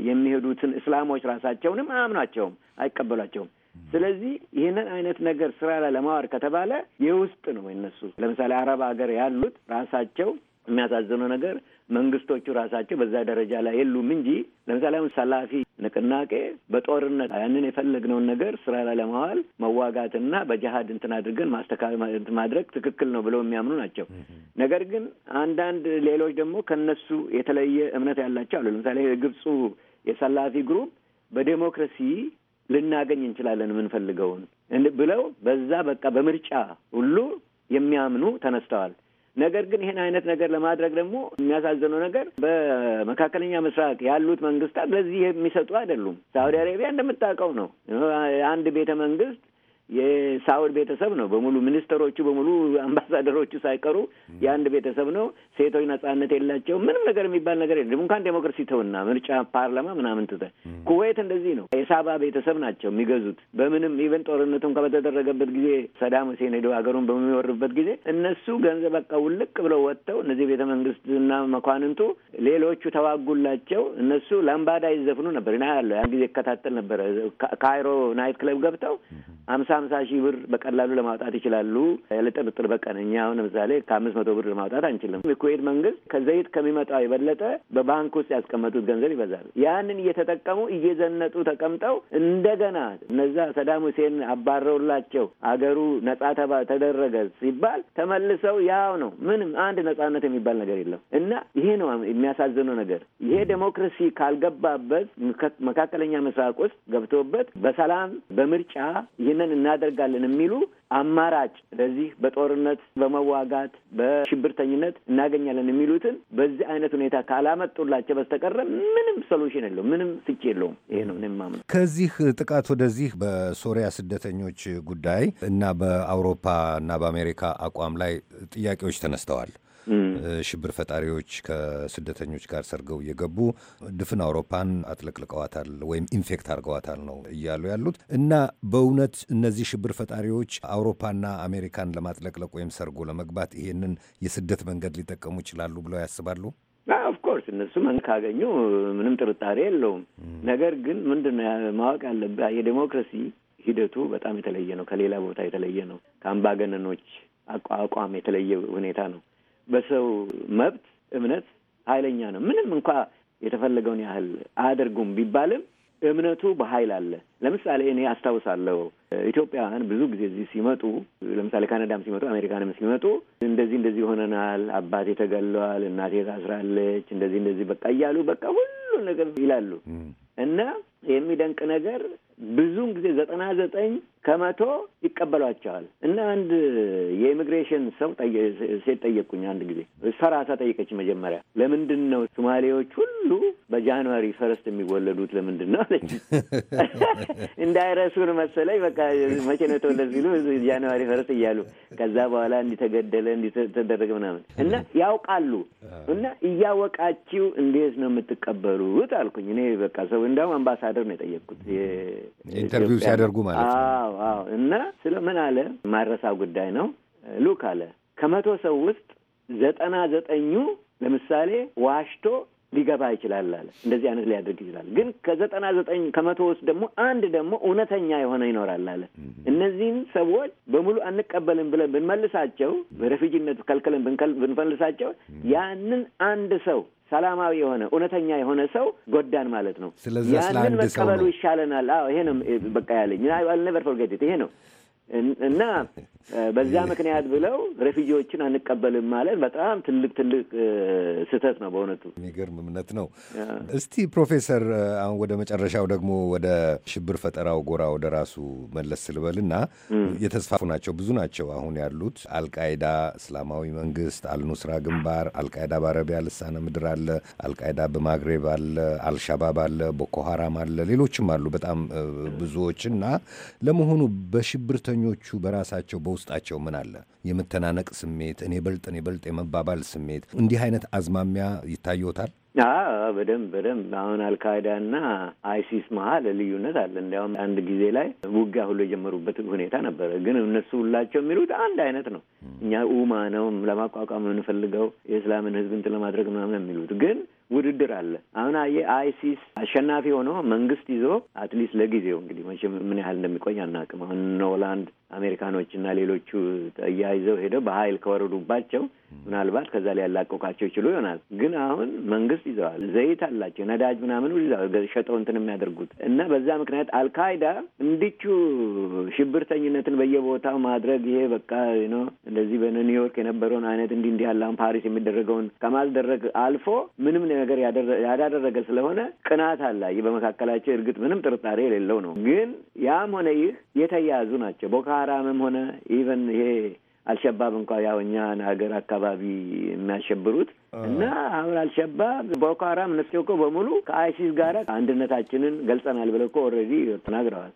የሚሄዱትን እስላሞች ራሳቸውንም አያምናቸውም፣ አይቀበሏቸውም። ስለዚህ ይህንን አይነት ነገር ስራ ላይ ለማዋር ከተባለ የውስጥ ነው የነሱ። ለምሳሌ አረብ ሀገር ያሉት ራሳቸው የሚያሳዝነው ነገር መንግስቶቹ ራሳቸው በዛ ደረጃ ላይ የሉም እንጂ ለምሳሌ አሁን ሰላፊ ንቅናቄ በጦርነት ያንን የፈለግነውን ነገር ስራ ላይ ለማዋል መዋጋትና በጀሀድ እንትን አድርገን ማስተካከል ማድረግ ትክክል ነው ብለው የሚያምኑ ናቸው። ነገር ግን አንዳንድ ሌሎች ደግሞ ከነሱ የተለየ እምነት ያላቸው አሉ። ለምሳሌ የግብፁ የሰላፊ ግሩፕ በዴሞክራሲ ልናገኝ እንችላለን የምንፈልገውን ብለው በዛ በቃ በምርጫ ሁሉ የሚያምኑ ተነስተዋል። ነገር ግን ይህን አይነት ነገር ለማድረግ ደግሞ የሚያሳዝነው ነገር በመካከለኛ ምስራቅ ያሉት መንግስታት ለዚህ የሚሰጡ አይደሉም። ሳውዲ አረቢያ እንደምታውቀው ነው አንድ ቤተ መንግስት የሳውድ ቤተሰብ ነው በሙሉ ሚኒስተሮቹ በሙሉ አምባሳደሮቹ ሳይቀሩ የአንድ ቤተሰብ ነው። ሴቶች ነጻነት የላቸው ምንም ነገር የሚባል ነገር የለም። እንኳን ዴሞክራሲ ተውና ምርጫ፣ ፓርላማ ምናምን ትተ ኩዌት እንደዚህ ነው። የሳባ ቤተሰብ ናቸው የሚገዙት በምንም ኢቨን ጦርነቱን ከበተደረገበት ጊዜ ሰዳም ሁሴን ሄደው ሀገሩን በሚወርበት ጊዜ እነሱ ገንዘብ በቃ ውልቅ ብለው ወጥተው እነዚህ ቤተ መንግስትና መኳንንቱ ሌሎቹ ተዋጉላቸው። እነሱ ላምባዳ ይዘፍኑ ነበር። ና ያለው ያን ጊዜ ይከታተል ነበረ። ካይሮ ናይት ክለብ ገብተው አምሳ አምሳ ሺህ ብር በቀላሉ ለማውጣት ይችላሉ። ያለ ጥርጥር በቀን እኛ አሁን ለምሳሌ ከአምስት መቶ ብር ለማውጣት አንችልም። የኩዌት መንግስት ከዘይት ከሚመጣው የበለጠ በባንክ ውስጥ ያስቀመጡት ገንዘብ ይበዛል። ያንን እየተጠቀሙ እየዘነጡ ተቀምጠው እንደገና እነዛ ሰዳም ሁሴን አባረውላቸው አገሩ ነጻ ተባ ተደረገ ሲባል ተመልሰው ያው ነው። ምንም አንድ ነጻነት የሚባል ነገር የለም እና ይሄ ነው የሚያሳዝነው ነገር። ይሄ ዴሞክራሲ ካልገባበት መካከለኛ ምስራቅ ውስጥ ገብቶበት በሰላም በምርጫ ይህንን እናደርጋለን የሚሉ አማራጭ ለዚህ በጦርነት በመዋጋት በሽብርተኝነት እናገኛለን የሚሉትን በዚህ አይነት ሁኔታ ካላመጡላቸው በስተቀረ ምንም ሶሉሽን የለውም፣ ምንም ፍቺ የለውም። ይሄ ነው እኔም ከዚህ ጥቃት ወደዚህ በሶሪያ ስደተኞች ጉዳይ እና በአውሮፓ እና በአሜሪካ አቋም ላይ ጥያቄዎች ተነስተዋል። ሽብር ፈጣሪዎች ከስደተኞች ጋር ሰርገው እየገቡ ድፍን አውሮፓን አጥለቅልቀዋታል ወይም ኢንፌክት አድርገዋታል ነው እያሉ ያሉት እና በእውነት እነዚህ ሽብር ፈጣሪዎች አውሮፓና አሜሪካን ለማጥለቅለቅ ወይም ሰርጎ ለመግባት ይሄንን የስደት መንገድ ሊጠቀሙ ይችላሉ ብለው ያስባሉ? ኦፍኮርስ እነሱ ካገኙ ምንም ጥርጣሬ የለውም። ነገር ግን ምንድን ነው ማወቅ ያለብህ የዴሞክራሲ ሂደቱ በጣም የተለየ ነው። ከሌላ ቦታ የተለየ ነው። ከአምባገነኖች አቋም የተለየ ሁኔታ ነው። በሰው መብት እምነት ኃይለኛ ነው። ምንም እንኳ የተፈለገውን ያህል አያደርጉም ቢባልም እምነቱ በኃይል አለ። ለምሳሌ እኔ አስታውሳለሁ ኢትዮጵያውያን ብዙ ጊዜ እዚህ ሲመጡ፣ ለምሳሌ ካናዳም ሲመጡ፣ አሜሪካንም ሲመጡ እንደዚህ እንደዚህ ሆነናል፣ አባቴ ተገለዋል፣ እናቴ ታስራለች፣ እንደዚህ እንደዚህ በቃ እያሉ በቃ ሁሉ ነገር ይላሉ እና የሚደንቅ ነገር ብዙውን ጊዜ ዘጠና ዘጠኝ ከመቶ ይቀበሏቸዋል። እና አንድ የኢሚግሬሽን ሰው ሴት ጠየቅኩኝ። አንድ ጊዜ ሰራሳ ጠይቀች መጀመሪያ ለምንድን ነው ሶማሌዎች ሁሉ በጃንዋሪ ፈረስት የሚወለዱት ለምንድን ነው አለች። *laughs* እንዳይረሱን መሰለኝ በቃ መቼ ነው የተወለድ ሲሉ ጃንዋሪ ፈረስት እያሉ ከዛ በኋላ እንዲተገደለ እንዲተደረገ ምናምን እና ያውቃሉ። እና እያወቃችው እንዴት ነው የምትቀበሉት አልኩኝ። እኔ በቃ ሰው እንዲያውም አምባሳደር ነው የጠየቅኩት ኢንተርቪው ሲያደርጉ ማለት ነው። አዎ አዎ። እና ስለ ምን አለ ማረሳው ጉዳይ ነው። ሉክ አለ ከመቶ ሰው ውስጥ ዘጠና ዘጠኙ ለምሳሌ ዋሽቶ ሊገባ ይችላል አለ። እንደዚህ አይነት ሊያደርግ ይችላል። ግን ከዘጠና ዘጠኝ ከመቶ ውስጥ ደግሞ አንድ ደግሞ እውነተኛ የሆነ ይኖራል አለ። እነዚህን ሰዎች በሙሉ አንቀበልም ብለን ብንመልሳቸው፣ በረፊጅነት ከልክለን ብንፈልሳቸው ያንን አንድ ሰው ሰላማዊ የሆነ እውነተኛ የሆነ ሰው ጎዳን ማለት ነው። ያንን መቀበሉ ይሻለናል። ይሄ ነው በቃ ያለኝ። ኔቨር ፎርጌት ይሄ ነው እና *laughs* በዛ ምክንያት ብለው ሬፊጂዎችን አንቀበልም ማለት በጣም ትልቅ ትልቅ ስህተት ነው። በእውነቱ የሚገርም እምነት ነው። እስቲ ፕሮፌሰር አሁን ወደ መጨረሻው ደግሞ ወደ ሽብር ፈጠራው ጎራ ወደ ራሱ መለስ ስልበልና የተስፋፉ ናቸው ብዙ ናቸው አሁን ያሉት አልቃይዳ፣ እስላማዊ መንግስት፣ አልኑስራ ግንባር፣ አልቃይዳ በአረቢያ ልሳነ ምድር አለ፣ አልቃይዳ በማግሬብ አለ፣ አልሻባብ አለ፣ ቦኮ ሀራም አለ፣ ሌሎችም አሉ በጣም ብዙዎች እና ለመሆኑ በሽብር ስደተኞቹ በራሳቸው በውስጣቸው ምን አለ? የመተናነቅ ስሜት፣ እኔ በልጥ እኔ በልጥ የመባባል ስሜት፣ እንዲህ አይነት አዝማሚያ ይታየዎታል? በደንብ በደንብ አሁን አልካይዳና አይሲስ መሀል ልዩነት አለ። እንዲያውም አንድ ጊዜ ላይ ውጊያ ሁሉ የጀመሩበት ሁኔታ ነበረ። ግን እነሱ ሁላቸው የሚሉት አንድ አይነት ነው። እኛ ኡማ ነው ለማቋቋም የምንፈልገው የእስላምን ሕዝብ እንትን ለማድረግ ምናምን የሚሉት ግን ውድድር አለ። አሁን አየህ አይሲስ አሸናፊ ሆኖ መንግስት ይዞ አትሊስት ለጊዜው እንግዲህ መቼም ምን ያህል እንደሚቆይ አናውቅም። አሁን ሆላንድ አሜሪካኖችና ሌሎቹ ተያይዘው ሄደው በሀይል ከወረዱባቸው ምናልባት ከዛ ላይ ያላቀቋቸው ይችሉ ይሆናል። ግን አሁን መንግስት ይዘዋል፣ ዘይት አላቸው፣ ነዳጅ ምናምን ይዘዋል ሸጠው እንትን የሚያደርጉት እና በዛ ምክንያት አልካይዳ እንዲቹ ሽብርተኝነትን በየቦታው ማድረግ ይሄ በቃ ነው እንደዚህ በኒውዮርክ የነበረውን አይነት እንዲህ እንዲህ ያለ አሁን ፓሪስ የሚደረገውን ከማልደረግ አልፎ ምንም ነገር ያዳደረገ ስለሆነ ቅናት አለ በመካከላቸው እርግጥ ምንም ጥርጣሬ የሌለው ነው። ግን ያም ሆነ ይህ የተያያዙ ናቸው ቦካ አማራምም ሆነ ኢቨን ይሄ አልሸባብ እንኳ ያው እኛን ሀገር አካባቢ የሚያሸብሩት እና አሁን አልሸባብ ቦኮ ሀራም እነሱ እኮ በሙሉ ከአይሲስ ጋር አንድነታችንን ገልጸናል ብለው እኮ ኦልሬዲ ተናግረዋል።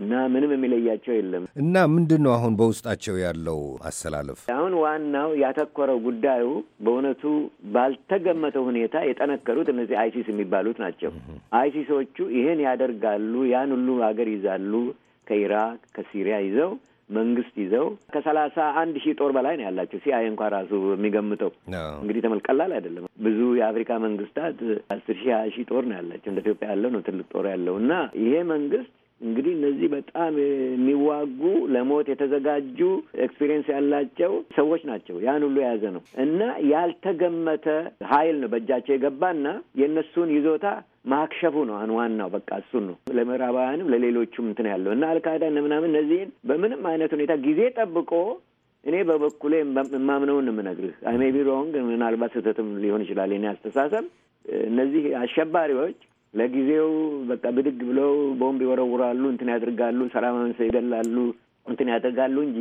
እና ምንም የሚለያቸው የለም። እና ምንድን ነው አሁን በውስጣቸው ያለው አሰላለፍ? አሁን ዋናው ያተኮረው ጉዳዩ በእውነቱ ባልተገመተ ሁኔታ የጠነከሩት እነዚህ አይሲስ የሚባሉት ናቸው። አይሲሶቹ ይህን ያደርጋሉ፣ ያን ሁሉ ሀገር ይዛሉ ከኢራቅ ከሲሪያ ይዘው መንግስት ይዘው ከሰላሳ አንድ ሺህ ጦር በላይ ነው ያላቸው። ሲአይ እንኳ ራሱ የሚገምተው እንግዲህ ተመል ቀላል አይደለም። ብዙ የአፍሪካ መንግስታት አስር ሺህ ሀያ ሺህ ጦር ነው ያላቸው። እንደ ኢትዮጵያ ያለው ነው ትልቅ ጦር ያለው እና ይሄ መንግስት እንግዲህ እነዚህ በጣም የሚዋጉ ለሞት የተዘጋጁ ኤክስፒሪየንስ ያላቸው ሰዎች ናቸው። ያን ሁሉ የያዘ ነው እና ያልተገመተ ኃይል ነው በእጃቸው የገባና የእነሱን ይዞታ ማክሸፉ ነው ዋናው። በቃ እሱን ነው ለምዕራባውያንም ለሌሎቹም እንትን ያለው እና አልቃይዳ ምናምን እነዚህን በምንም አይነት ሁኔታ ጊዜ ጠብቆ እኔ በበኩሌ የማምነውን የምነግርህ አይሜ ቢሮውን ግን ምናልባት ስህተትም ሊሆን ይችላል። የኔ አስተሳሰብ እነዚህ አሸባሪዎች ለጊዜው በቃ ብድግ ብለው ቦምብ ይወረውራሉ፣ እንትን ያድርጋሉ፣ ሰላማዊን ሰው ይገላሉ፣ እንትን ያደርጋሉ እንጂ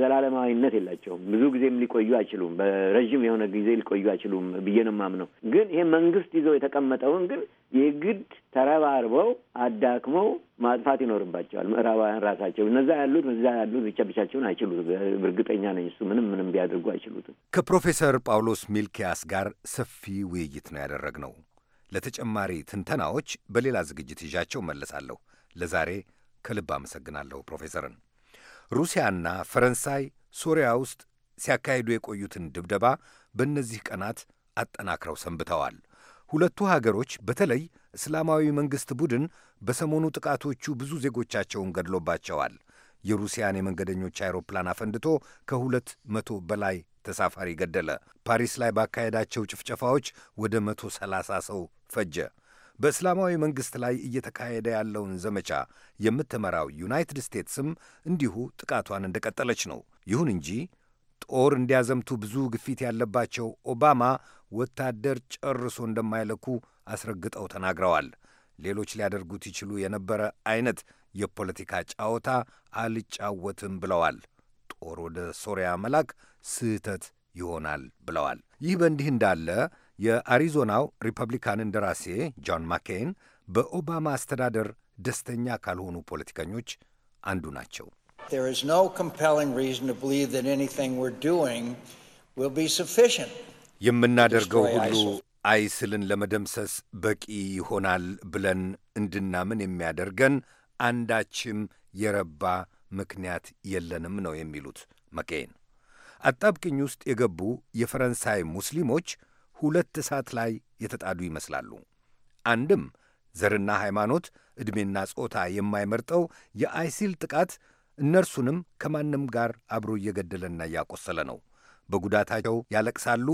ዘላለማዊነት የላቸውም። ብዙ ጊዜም ሊቆዩ አይችሉም። በረዥም የሆነ ጊዜ ሊቆዩ አይችሉም ብዬ ነው የማምነው። ግን ይሄ መንግስት ይዘው የተቀመጠውን ግን የግድ ተረባርበው አዳክመው ማጥፋት ይኖርባቸዋል። ምዕራባውያን ራሳቸው እነዛ ያሉት እዛ ያሉት ብቻ ብቻቸውን አይችሉትም። እርግጠኛ ነኝ እሱ ምንም ምንም ቢያደርጉ አይችሉትም። ከፕሮፌሰር ጳውሎስ ሚልኪያስ ጋር ሰፊ ውይይት ነው ያደረግነው። ለተጨማሪ ትንተናዎች በሌላ ዝግጅት ይዣቸው መለሳለሁ። ለዛሬ ከልብ አመሰግናለሁ ፕሮፌሰርን። ሩሲያና ፈረንሳይ ሶሪያ ውስጥ ሲያካሂዱ የቆዩትን ድብደባ በእነዚህ ቀናት አጠናክረው ሰንብተዋል። ሁለቱ ሀገሮች በተለይ እስላማዊ መንግሥት ቡድን በሰሞኑ ጥቃቶቹ ብዙ ዜጎቻቸውን ገድሎባቸዋል። የሩሲያን የመንገደኞች አይሮፕላን አፈንድቶ ከሁለት መቶ በላይ ተሳፋሪ ገደለ። ፓሪስ ላይ ባካሄዳቸው ጭፍጨፋዎች ወደ መቶ ሰላሳ ሰው ፈጀ። በእስላማዊ መንግሥት ላይ እየተካሄደ ያለውን ዘመቻ የምትመራው ዩናይትድ ስቴትስም እንዲሁ ጥቃቷን እንደቀጠለች ነው። ይሁን እንጂ ጦር እንዲያዘምቱ ብዙ ግፊት ያለባቸው ኦባማ ወታደር ጨርሶ እንደማይለኩ አስረግጠው ተናግረዋል። ሌሎች ሊያደርጉት ይችሉ የነበረ አይነት የፖለቲካ ጫወታ አልጫወትም ብለዋል። ጦር ወደ ሶሪያ መላክ ስህተት ይሆናል ብለዋል። ይህ በእንዲህ እንዳለ የአሪዞናው ሪፐብሊካን እንደራሴ ጆን ማኬን በኦባማ አስተዳደር ደስተኛ ካልሆኑ ፖለቲከኞች አንዱ ናቸው። የምናደርገው ሁሉ አይስልን ለመደምሰስ በቂ ይሆናል ብለን እንድናምን የሚያደርገን አንዳችም የረባ ምክንያት የለንም ነው የሚሉት መኬን። አጣብቅኝ ውስጥ የገቡ የፈረንሳይ ሙስሊሞች ሁለት እሳት ላይ የተጣዱ ይመስላሉ። አንድም ዘርና ሃይማኖት፣ ዕድሜና ጾታ የማይመርጠው የአይሲል ጥቃት እነርሱንም ከማንም ጋር አብሮ እየገደለና እያቆሰለ ነው። በጉዳታቸው ያለቅሳሉ።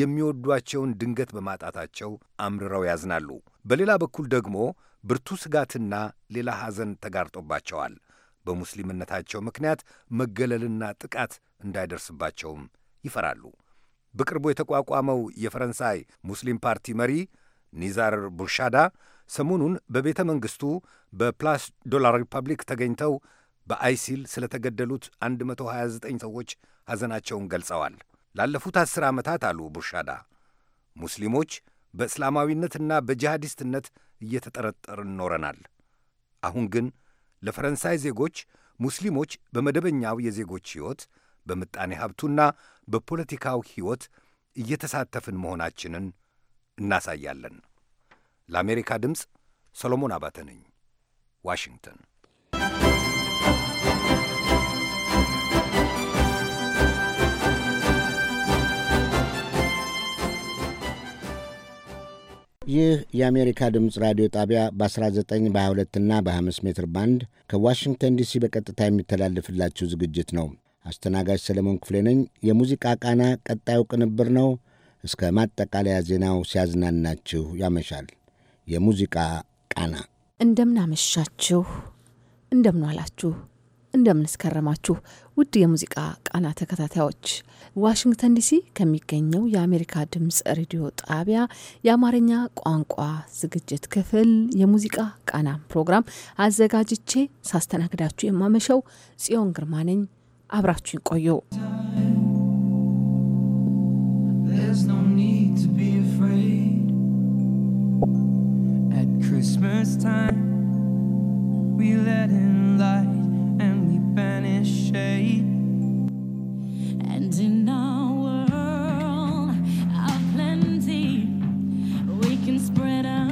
የሚወዷቸውን ድንገት በማጣታቸው አምርረው ያዝናሉ። በሌላ በኩል ደግሞ ብርቱ ስጋትና ሌላ ሐዘን ተጋርጦባቸዋል። በሙስሊምነታቸው ምክንያት መገለልና ጥቃት እንዳይደርስባቸውም ይፈራሉ። በቅርቡ የተቋቋመው የፈረንሳይ ሙስሊም ፓርቲ መሪ ኒዛር ቡርሻዳ ሰሞኑን በቤተ መንግሥቱ በፕላስ ዶላር ሪፐብሊክ ተገኝተው በአይሲል ስለተገደሉት 129 ሰዎች ሐዘናቸውን ገልጸዋል። ላለፉት ዐሥር ዓመታት አሉ ቡርሻዳ፣ ሙስሊሞች በእስላማዊነትና በጂሃዲስትነት እየተጠረጠርን ኖረናል። አሁን ግን ለፈረንሳይ ዜጎች ሙስሊሞች በመደበኛው የዜጎች ሕይወት በምጣኔ ሀብቱና በፖለቲካው ሕይወት እየተሳተፍን መሆናችንን እናሳያለን። ለአሜሪካ ድምፅ ሰሎሞን አባተ ነኝ፣ ዋሽንግተን። ይህ የአሜሪካ ድምፅ ራዲዮ ጣቢያ በ19 በ22 እና በ25 ሜትር ባንድ ከዋሽንግተን ዲሲ በቀጥታ የሚተላለፍላችሁ ዝግጅት ነው። አስተናጋጅ ሰለሞን ክፍሌ ነኝ። የሙዚቃ ቃና ቀጣዩ ቅንብር ነው። እስከ ማጠቃለያ ዜናው ሲያዝናናችሁ ያመሻል። የሙዚቃ ቃና እንደምናመሻችሁ፣ እንደምናላችሁ፣ እንደምንስከረማችሁ ውድ የሙዚቃ ቃና ተከታታዮች ዋሽንግተን ዲሲ ከሚገኘው የአሜሪካ ድምፅ ሬዲዮ ጣቢያ የአማርኛ ቋንቋ ዝግጅት ክፍል የሙዚቃ ቃና ፕሮግራም አዘጋጅቼ ሳስተናግዳችሁ የማመሸው ጽዮን ግርማ ነኝ። There's no need to be afraid. At Christmas time, we let in light and we banish shade. And in our world of plenty, we can spread our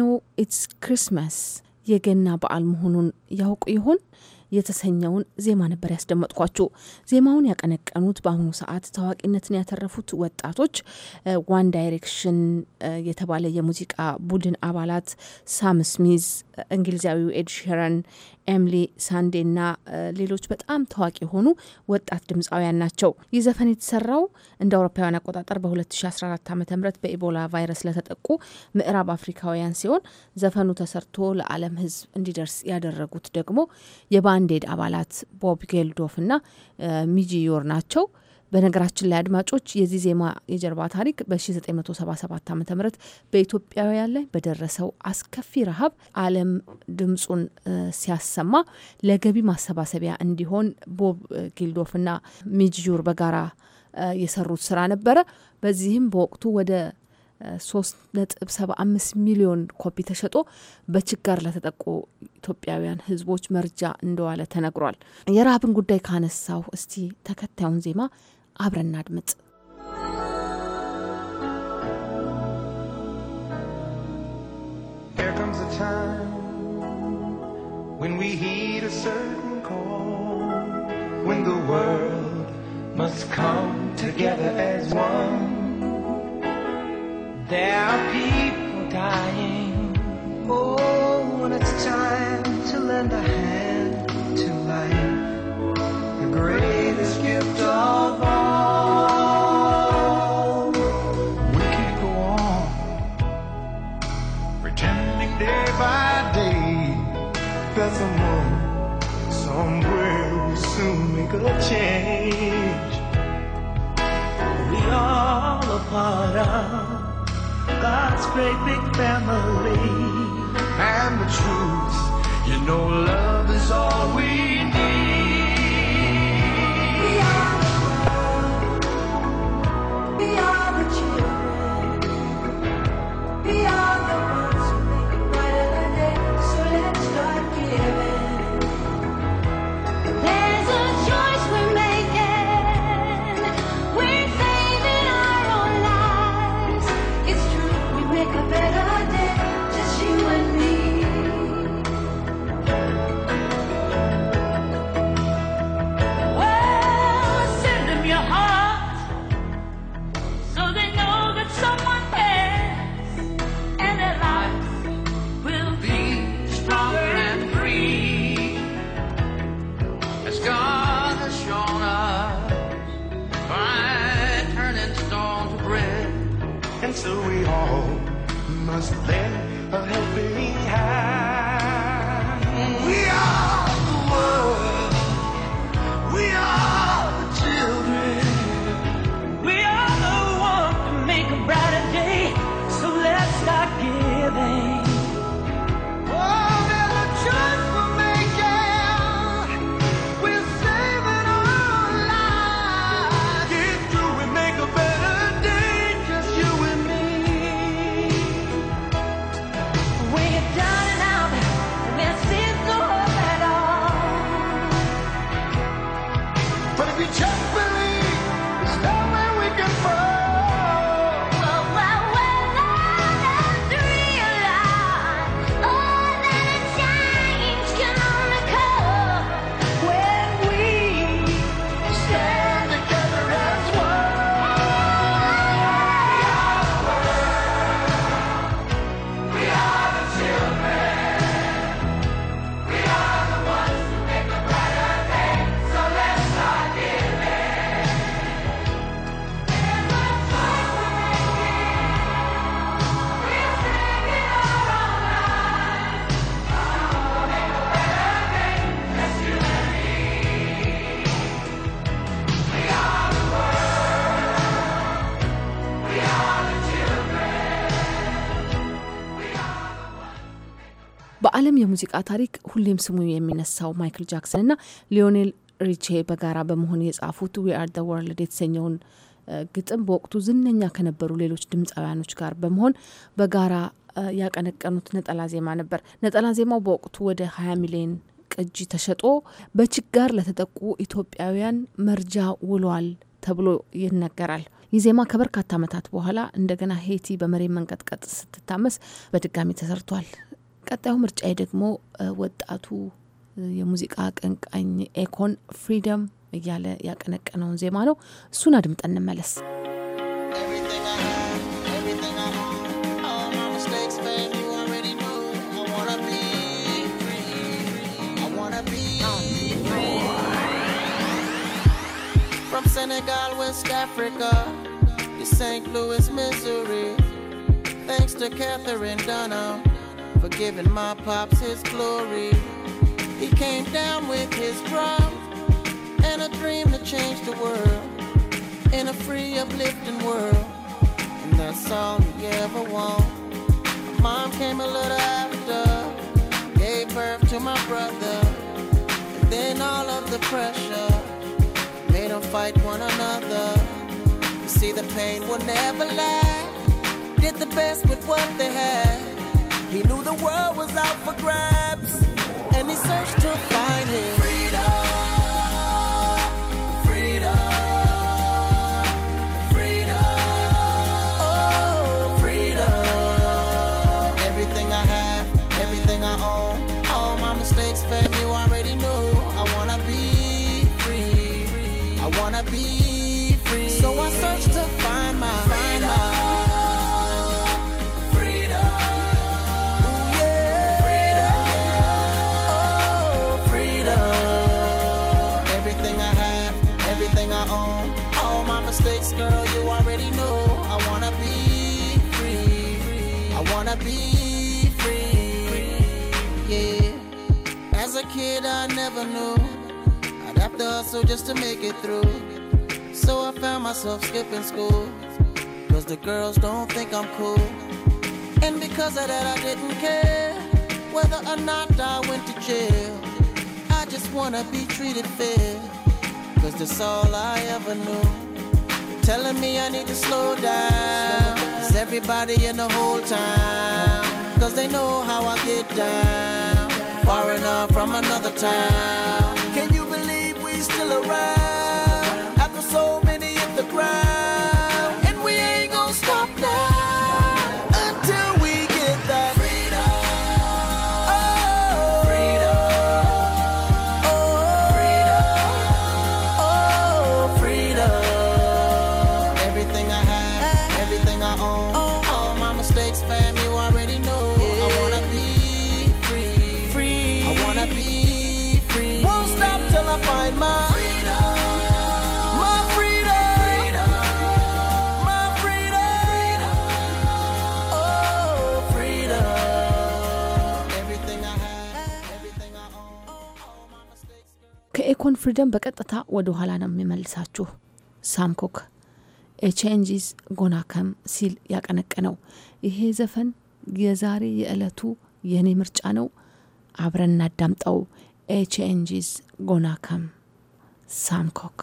ነው ኢትስ ክሪስማስ የገና በዓል መሆኑን ያውቁ ይሆን የተሰኘውን ዜማ ነበር ያስደመጥኳችሁ። ዜማውን ያቀነቀኑት በአሁኑ ሰዓት ታዋቂነትን ያተረፉት ወጣቶች ዋን ዳይሬክሽን የተባለ የሙዚቃ ቡድን አባላት ሳም ስሚዝ፣ እንግሊዛዊው ኤድ ሽረን፣ ኤምሊ ሳንዴና ሌሎች በጣም ታዋቂ የሆኑ ወጣት ድምፃውያን ናቸው። ይህ ዘፈን የተሰራው እንደ አውሮፓውያን አቆጣጠር በ2014 ዓ ም በኢቦላ ቫይረስ ለተጠቁ ምዕራብ አፍሪካውያን ሲሆን ዘፈኑ ተሰርቶ ለዓለም ሕዝብ እንዲደርስ ያደረጉት ደግሞ የባንዴድ አባላት ቦብ ጌልዶፍ ና ሚጂዮር ናቸው። በነገራችን ላይ አድማጮች የዚህ ዜማ የጀርባ ታሪክ በ1977 ዓ ም በኢትዮጵያውያን ላይ በደረሰው አስከፊ ረሃብ ዓለም ድምፁን ሲያሰማ ለገቢ ማሰባሰቢያ እንዲሆን ቦብ ጊልዶፍና ሚጅዩር በጋራ የሰሩት ስራ ነበረ። በዚህም በወቅቱ ወደ 3.75 ሚሊዮን ኮፒ ተሸጦ በችጋር ለተጠቁ ኢትዮጵያውያን ሕዝቦች መርጃ እንደዋለ ተነግሯል። የረሃብን ጉዳይ ካነሳው እስቲ ተከታዩን ዜማ አብረን እናድምጥ። comes a time when we heed a certain call, when the world must come together as one. There are people dying, oh, when it's time to lend a hand. change. We all are part of God's great big family. And the truth, you know, love is all we need. የሙዚቃ ታሪክ ሁሌም ስሙ የሚነሳው ማይክል ጃክሰን እና ሊዮኔል ሪቼ በጋራ በመሆን የጻፉት ዊ አር ደ ወርልድ የተሰኘውን ግጥም በወቅቱ ዝነኛ ከነበሩ ሌሎች ድምፃውያኖች ጋር በመሆን በጋራ ያቀነቀኑት ነጠላ ዜማ ነበር። ነጠላ ዜማው በወቅቱ ወደ 20 ሚሊዮን ቅጂ ተሸጦ በችጋር ለተጠቁ ኢትዮጵያውያን መርጃ ውሏል ተብሎ ይነገራል። ይህ ዜማ ከበርካታ ዓመታት በኋላ እንደገና ሄቲ በመሬት መንቀጥቀጥ ስትታመስ በድጋሚ ተሰርቷል። ቀጣዩ ምርጫ ደግሞ ወጣቱ የሙዚቃ አቀንቃኝ ኤኮን ፍሪደም እያለ ያቀነቀነውን ዜማ ነው። እሱን አድምጠን እንመለስ። Senegal, West Africa, to St. Louis, Missouri. Thanks to Catherine Dunham. for giving my pops his glory. He came down with his pride and a dream to change the world in a free, uplifting world. And that's all he ever want. Mom came a little after, gave birth to my brother. And then all of the pressure made them fight one another. You see, the pain will never last. Did the best with what they had he knew the world was out for grabs, and he searched to find him. kid I never knew I'd have to hustle just to make it through So I found myself skipping school Cause the girls don't think I'm cool And because of that I didn't care Whether or not I went to jail I just wanna be treated fair Cause that's all I ever knew Telling me I need to slow down Cause everybody in the whole town Cause they know how I get down foreigner from another town. Can you believe we still around? After so many hit the ground. ቡድን በቀጥታ ወደ ኋላ ነው የሚመልሳችሁ። ሳምኮክ ኤቼንጂስ ጎናከም ሲል ያቀነቀነው ይሄ ዘፈን የዛሬ የዕለቱ የእኔ ምርጫ ነው። አብረን እናዳምጠው። ኤቼንጂስ ጎናከም ሳምኮክ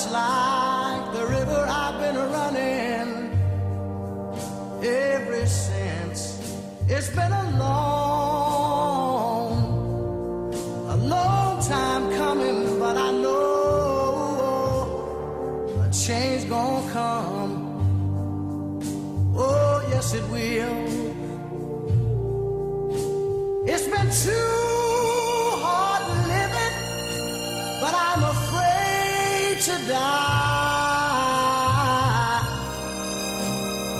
just like the river I've been running ever since. It's been a long, a long time coming, but I know a change gonna come. Oh, yes, it will. It's been too hard living, but I'm afraid to die.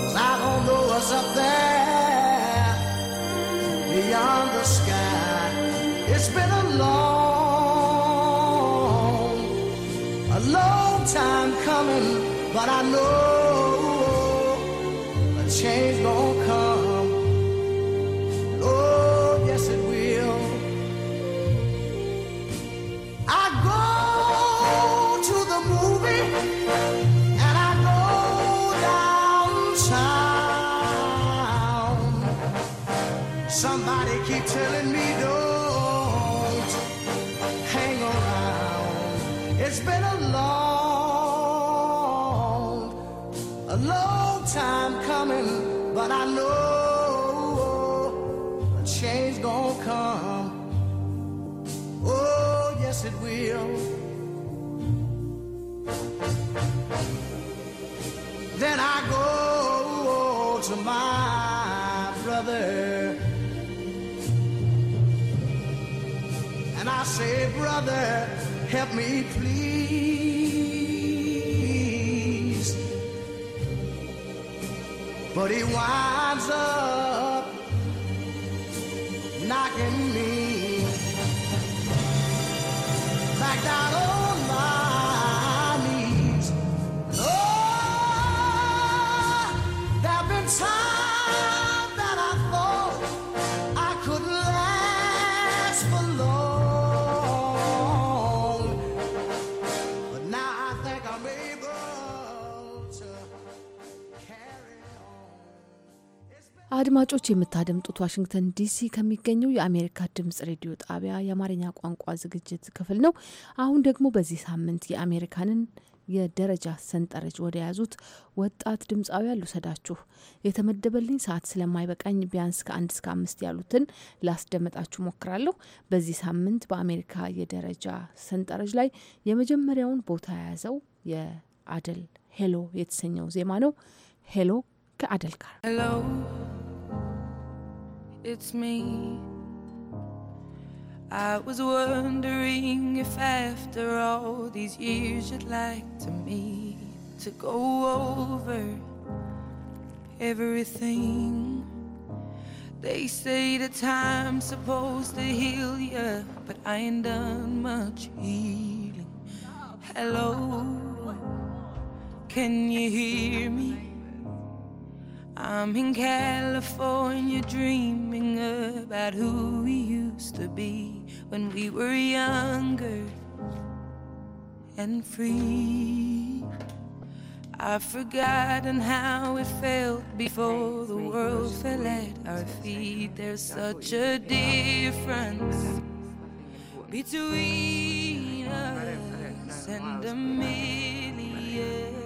Cause I don't know what's up there beyond the sky. It's been a long, a long time coming, but I know a change going not come. Somebody keep telling me don't hang around. It's been a long, a long time coming, but I know a change gonna come. Oh, yes it will. Then I go say, brother, help me please. But he winds up. አድማጮች የምታደምጡት ዋሽንግተን ዲሲ ከሚገኘው የአሜሪካ ድምጽ ሬዲዮ ጣቢያ የአማርኛ ቋንቋ ዝግጅት ክፍል ነው። አሁን ደግሞ በዚህ ሳምንት የአሜሪካንን የደረጃ ሰንጠረዥ ወደ ያዙት ወጣት አሉ ሰዳችሁ የተመደበልኝ ሰዓት ስለማይበቃኝ ቢያንስ ከአንድ እስከ አምስት ያሉትን ላስደመጣችሁ ሞክራለሁ። በዚህ ሳምንት በአሜሪካ የደረጃ ሰንጠረዥ ላይ የመጀመሪያውን ቦታ የያዘው የአደል ሄሎ የተሰኘው ዜማ ነው። ሄሎ ከአደል ጋር it's me. I was wondering if after all these years you'd like to me to go over everything. They say the time's supposed to heal you, but I ain't done much healing. Hello, can you hear me? I'm in California dreaming about who we used to be when we were younger and free. I've forgotten how it felt before the world fell at our feet. There's such a difference between us and a million.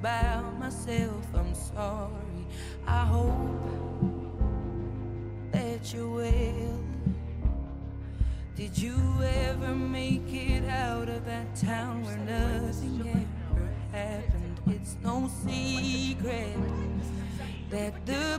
about myself. I'm sorry. I hope that you will. Did you ever make it out of that town where nothing ever happened? It's no secret that the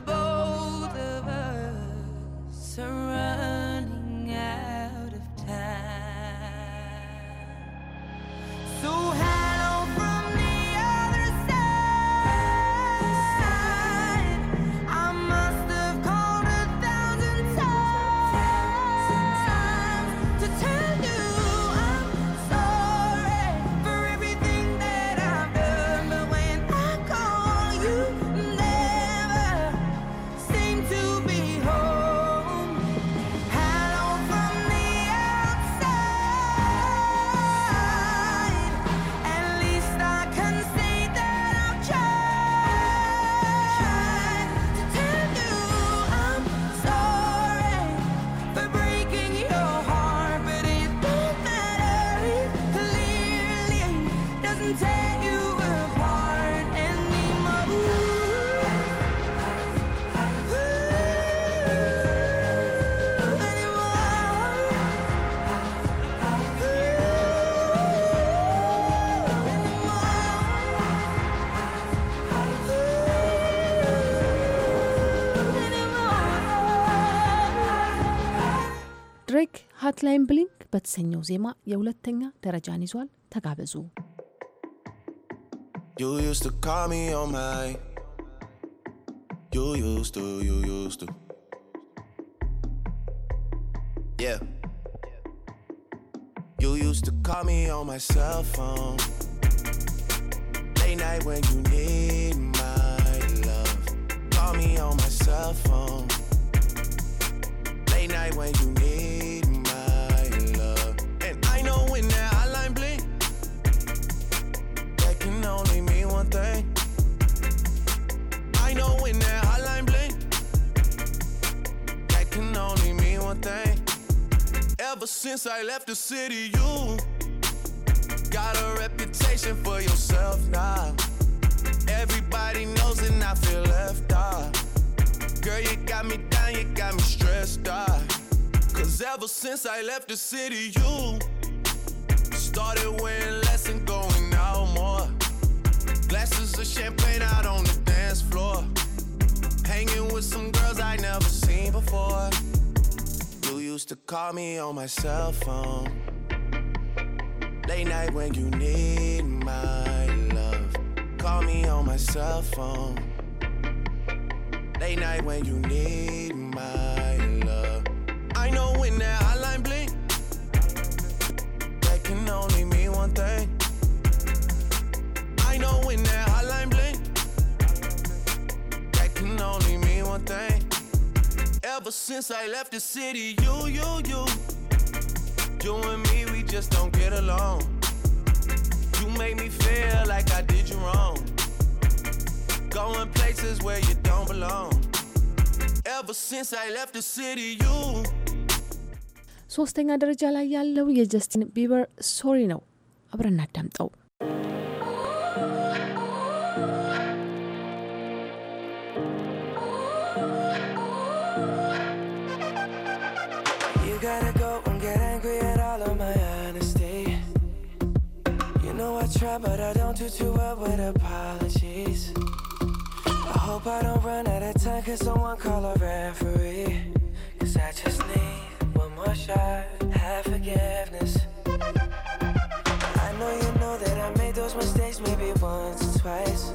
ሀትላይን ብሊንክ በተሰኘው ዜማ የሁለተኛ ደረጃን ይዟል። ተጋበዙ። You used to call me on my. You used to, you used to. Yeah. You used to call me on my cell phone. Late night when you need my love. Call me on my cell phone. Late night when you need. one thing. I know when that hotline bling, that can only mean one thing. Ever since I left the city, you got a reputation for yourself now. Everybody knows and I feel left out. Girl, you got me down, you got me stressed out. Cause ever since I left the city, you started wearing Champagne out on the dance floor. Hanging with some girls I never seen before. You used to call me on my cell phone. Late night when you need my love. Call me on my cell phone. Late night when you need my love. I know when that hotline blink, that can only mean since I left the city. You, you, you. You and me, we just don't get along. You make me feel like I did you wrong. Going places where you don't belong. Ever since I left the city, you. ሶስተኛ ደረጃ ላይ ያለው የጀስቲን ቢበር ሶሪ ነው። አብረን እናዳምጠው። don't do too well with apologies. I hope I don't run out of time. Cause someone call a referee. Cause I just need one more shot. Have forgiveness. I know you know that I made those mistakes maybe once or twice.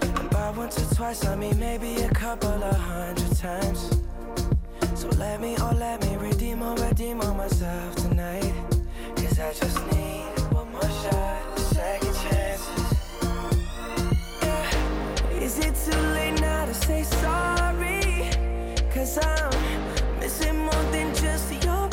And by once or twice, I mean maybe a couple of hundred times. So let me, oh, let me redeem or redeem on myself tonight. Cause I just need one more shot. too late now to say sorry. Cause I'm missing more than just your.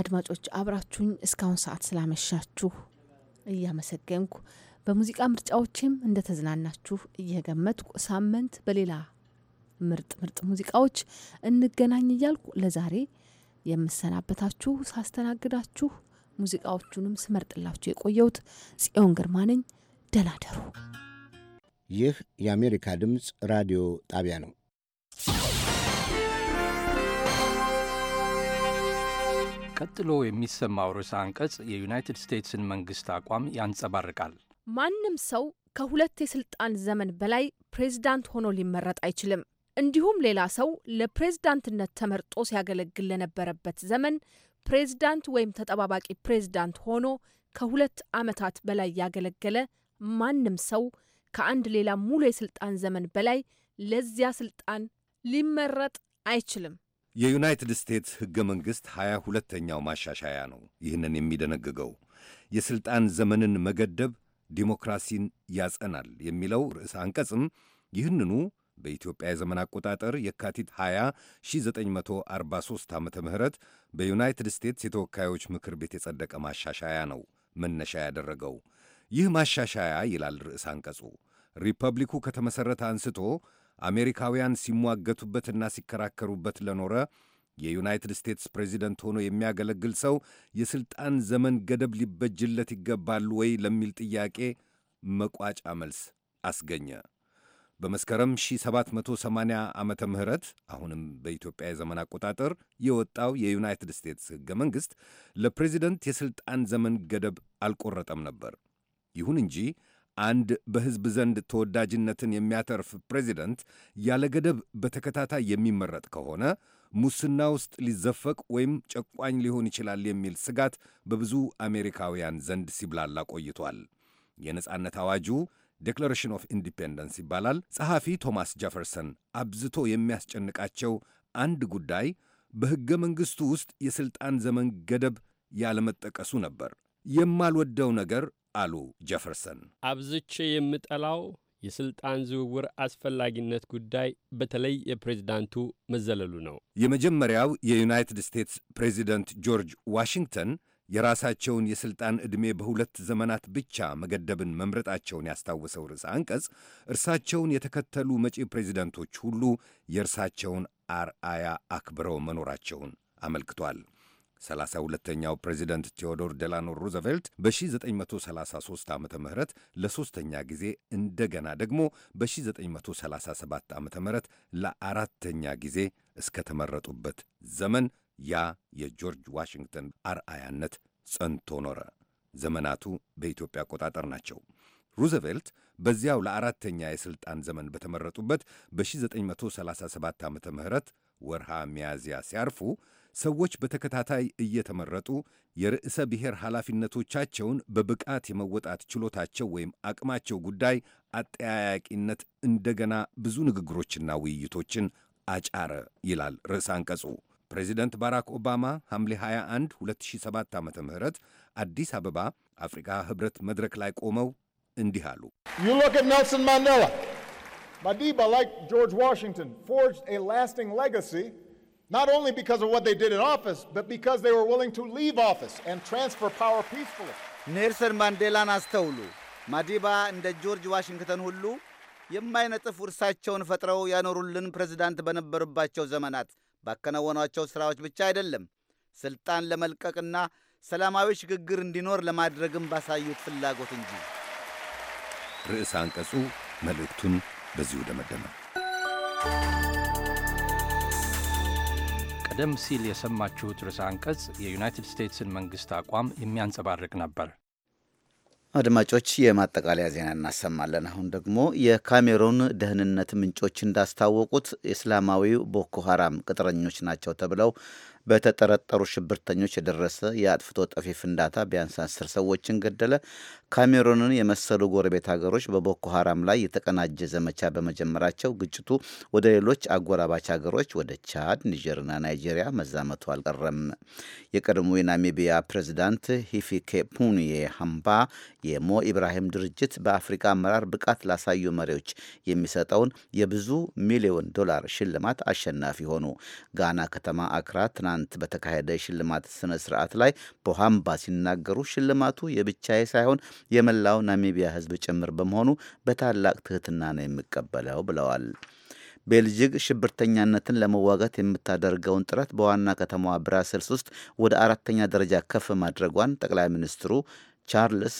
አድማጮች አብራችሁኝ እስካሁን ሰዓት ስላመሻችሁ እያመሰገንኩ በሙዚቃ ምርጫዎችም እንደተዝናናችሁ እየገመትኩ ሳምንት በሌላ ምርጥ ምርጥ ሙዚቃዎች እንገናኝ እያልኩ ለዛሬ የምሰናበታችሁ ሳስተናግዳችሁ ሙዚቃዎቹንም ስመርጥላችሁ የቆየሁት ጽዮን ግርማ ነኝ። ደህና ደሩ። ይህ የአሜሪካ ድምፅ ራዲዮ ጣቢያ ነው። ቀጥሎ የሚሰማው ርዕሰ አንቀጽ የዩናይትድ ስቴትስን መንግስት አቋም ያንጸባርቃል። ማንም ሰው ከሁለት የስልጣን ዘመን በላይ ፕሬዝዳንት ሆኖ ሊመረጥ አይችልም። እንዲሁም ሌላ ሰው ለፕሬዝዳንትነት ተመርጦ ሲያገለግል ለነበረበት ዘመን ፕሬዝዳንት ወይም ተጠባባቂ ፕሬዝዳንት ሆኖ ከሁለት ዓመታት በላይ ያገለገለ ማንም ሰው ከአንድ ሌላ ሙሉ የስልጣን ዘመን በላይ ለዚያ ስልጣን ሊመረጥ አይችልም። የዩናይትድ ስቴትስ ሕገ መንግሥት ሀያ ሁለተኛው ማሻሻያ ነው ይህንን የሚደነግገው። የሥልጣን ዘመንን መገደብ ዲሞክራሲን ያጸናል የሚለው ርዕስ አንቀጽም ይህንኑ በኢትዮጵያ የዘመን አቆጣጠር የካቲት 20 1943 ዓ ም በዩናይትድ ስቴትስ የተወካዮች ምክር ቤት የጸደቀ ማሻሻያ ነው መነሻ ያደረገው። ይህ ማሻሻያ ይላል ርዕስ አንቀጹ ሪፐብሊኩ ከተመሠረተ አንስቶ አሜሪካውያን ሲሟገቱበትና ሲከራከሩበት ለኖረ የዩናይትድ ስቴትስ ፕሬዚደንት ሆኖ የሚያገለግል ሰው የሥልጣን ዘመን ገደብ ሊበጅለት ይገባል ወይ ለሚል ጥያቄ መቋጫ መልስ አስገኘ። በመስከረም 1780 ዓመተ ምህረት አሁንም በኢትዮጵያ የዘመን አቆጣጠር የወጣው የዩናይትድ ስቴትስ ሕገ መንግሥት ለፕሬዚደንት የሥልጣን ዘመን ገደብ አልቆረጠም ነበር። ይሁን እንጂ አንድ በሕዝብ ዘንድ ተወዳጅነትን የሚያተርፍ ፕሬዚደንት ያለ ገደብ በተከታታይ የሚመረጥ ከሆነ ሙስና ውስጥ ሊዘፈቅ ወይም ጨቋኝ ሊሆን ይችላል የሚል ስጋት በብዙ አሜሪካውያን ዘንድ ሲብላላ ቆይቷል። የነጻነት አዋጁ ዴክላሬሽን ኦፍ ኢንዲፔንደንስ ይባላል። ጸሐፊ ቶማስ ጀፈርሰን አብዝቶ የሚያስጨንቃቸው አንድ ጉዳይ በሕገ መንግሥቱ ውስጥ የሥልጣን ዘመን ገደብ ያለመጠቀሱ ነበር። የማልወደው ነገር አሉ ጀፈርሰን። አብዝቼ የምጠላው የስልጣን ዝውውር አስፈላጊነት ጉዳይ በተለይ የፕሬዚዳንቱ መዘለሉ ነው። የመጀመሪያው የዩናይትድ ስቴትስ ፕሬዚደንት ጆርጅ ዋሽንግተን የራሳቸውን የሥልጣን ዕድሜ በሁለት ዘመናት ብቻ መገደብን መምረጣቸውን ያስታወሰው ርዕሰ አንቀጽ እርሳቸውን የተከተሉ መጪ ፕሬዚደንቶች ሁሉ የእርሳቸውን አርአያ አክብረው መኖራቸውን አመልክቷል። 32ኛው ፕሬዚደንት ቴዎዶር ዴላኖ ሩዘቬልት በ1933 ዓ ም ለሦስተኛ ጊዜ እንደገና ደግሞ በ1937 ዓ ም ለአራተኛ ጊዜ እስከተመረጡበት ዘመን ያ የጆርጅ ዋሽንግተን አርአያነት ጸንቶ ኖረ። ዘመናቱ በኢትዮጵያ አቆጣጠር ናቸው። ሩዘቬልት በዚያው ለአራተኛ የሥልጣን ዘመን በተመረጡበት በ1937 ዓ ም ወርሃ ሚያዝያ ሲያርፉ ሰዎች በተከታታይ እየተመረጡ የርዕሰ ብሔር ኃላፊነቶቻቸውን በብቃት የመወጣት ችሎታቸው ወይም አቅማቸው ጉዳይ አጠያያቂነት እንደገና ብዙ ንግግሮችና ውይይቶችን አጫረ ይላል ርዕሰ አንቀጹ። ፕሬዚደንት ባራክ ኦባማ ሐምሌ 21 2007 ዓ ም አዲስ አበባ አፍሪካ ህብረት መድረክ ላይ ቆመው እንዲህ አሉ። ኔልሰን ማንዴላ ማዲባ ላይክ ጆርጅ ዋሽንግተን ፎርጅድ ኤ ላስቲንግ ሌጋሲ not only because of what they did in office, but because they were willing to leave office and transfer power peacefully. ኔልሰን ማንዴላን አስተውሉ። ማዲባ እንደ ጆርጅ ዋሽንግተን ሁሉ የማይነጥፍ ውርሳቸውን ፈጥረው ያኖሩልን ፕሬዝዳንት በነበሩባቸው ዘመናት ባከናወኗቸው ሥራዎች ብቻ አይደለም፣ ሥልጣን ለመልቀቅና ሰላማዊ ሽግግር እንዲኖር ለማድረግም ባሳዩት ፍላጎት እንጂ። ርዕስ አንቀጹ መልእክቱን በዚሁ ደመደመ። ቀደም ሲል የሰማችሁት ርዕሰ አንቀጽ የዩናይትድ ስቴትስን መንግሥት አቋም የሚያንጸባርቅ ነበር። አድማጮች የማጠቃለያ ዜና እናሰማለን። አሁን ደግሞ የካሜሮን ደህንነት ምንጮች እንዳስታወቁት እስላማዊው ቦኮ ሀራም ቅጥረኞች ናቸው ተብለው በተጠረጠሩ ሽብርተኞች የደረሰ የአጥፍቶ ጠፊ ፍንዳታ ቢያንስ አስር ሰዎችን ገደለ። ካሜሩንን የመሰሉ ጎረቤት ሀገሮች በቦኮ ሀራም ላይ የተቀናጀ ዘመቻ በመጀመራቸው ግጭቱ ወደ ሌሎች አጎራባች ሀገሮች ወደ ቻድ፣ ኒጀርና ናይጄሪያ መዛመቱ አልቀረም። የቀድሞ የናሚቢያ ፕሬዚዳንት ሂፊኬፑንዬ ሃምባ የሞ ኢብራሂም ድርጅት በአፍሪካ አመራር ብቃት ላሳዩ መሪዎች የሚሰጠውን የብዙ ሚሊዮን ዶላር ሽልማት አሸናፊ ሆኑ። ጋና ከተማ አክራ ትናንት በተካሄደ የሽልማት ስነ ስርዓት ላይ ቦሃምባ ሲናገሩ ሽልማቱ የብቻዬ ሳይሆን የመላው ናሚቢያ ሕዝብ ጭምር በመሆኑ በታላቅ ትህትና ነው የሚቀበለው ብለዋል። ቤልጅግ ሽብርተኛነትን ለመዋጋት የምታደርገውን ጥረት በዋና ከተማዋ ብራሰልስ ውስጥ ወደ አራተኛ ደረጃ ከፍ ማድረጓን ጠቅላይ ሚኒስትሩ ቻርልስ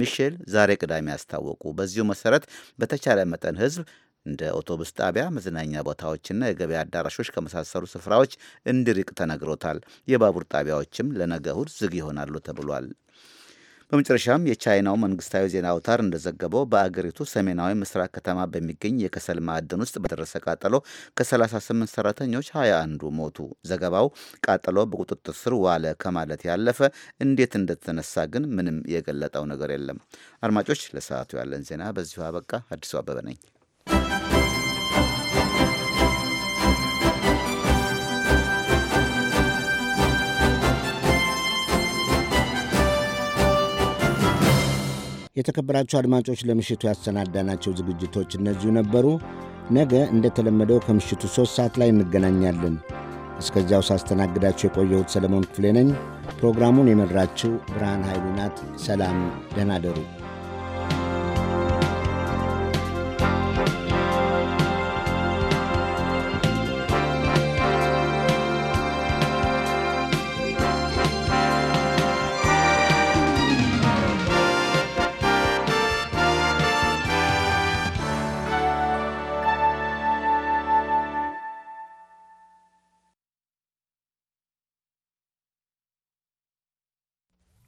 ሚሼል ዛሬ ቅዳሜ አስታወቁ። በዚሁ መሰረት በተቻለ መጠን ህዝብ እንደ አውቶቡስ ጣቢያ፣ መዝናኛ ቦታዎችና የገበያ አዳራሾች ከመሳሰሉ ስፍራዎች እንዲርቅ ተነግሮታል። የባቡር ጣቢያዎችም ለነገ እሁድ ዝግ ይሆናሉ ተብሏል። በመጨረሻም የቻይናው መንግስታዊ ዜና አውታር እንደዘገበው በአገሪቱ ሰሜናዊ ምስራቅ ከተማ በሚገኝ የከሰል ማዕድን ውስጥ በደረሰ ቃጠሎ ከ38 ሰራተኞች 21ዱ ሞቱ። ዘገባው ቃጠሎ በቁጥጥር ስር ዋለ ከማለት ያለፈ እንዴት እንደተነሳ ግን ምንም የገለጠው ነገር የለም። አድማጮች፣ ለሰዓቱ ያለን ዜና በዚሁ አበቃ። አዲሱ አበበ ነኝ። የተከበራቸው አድማጮች ለምሽቱ ያሰናዳናቸው ዝግጅቶች እነዚሁ ነበሩ። ነገ እንደተለመደው ከምሽቱ ሦስት ሰዓት ላይ እንገናኛለን። እስከዚያው ሳስተናግዳችሁ የቆየሁት ሰለሞን ክፍሌ ነኝ። ፕሮግራሙን የመራችው ብርሃን ኃይሉ ናት። ሰላም፣ ደህና ደሩ።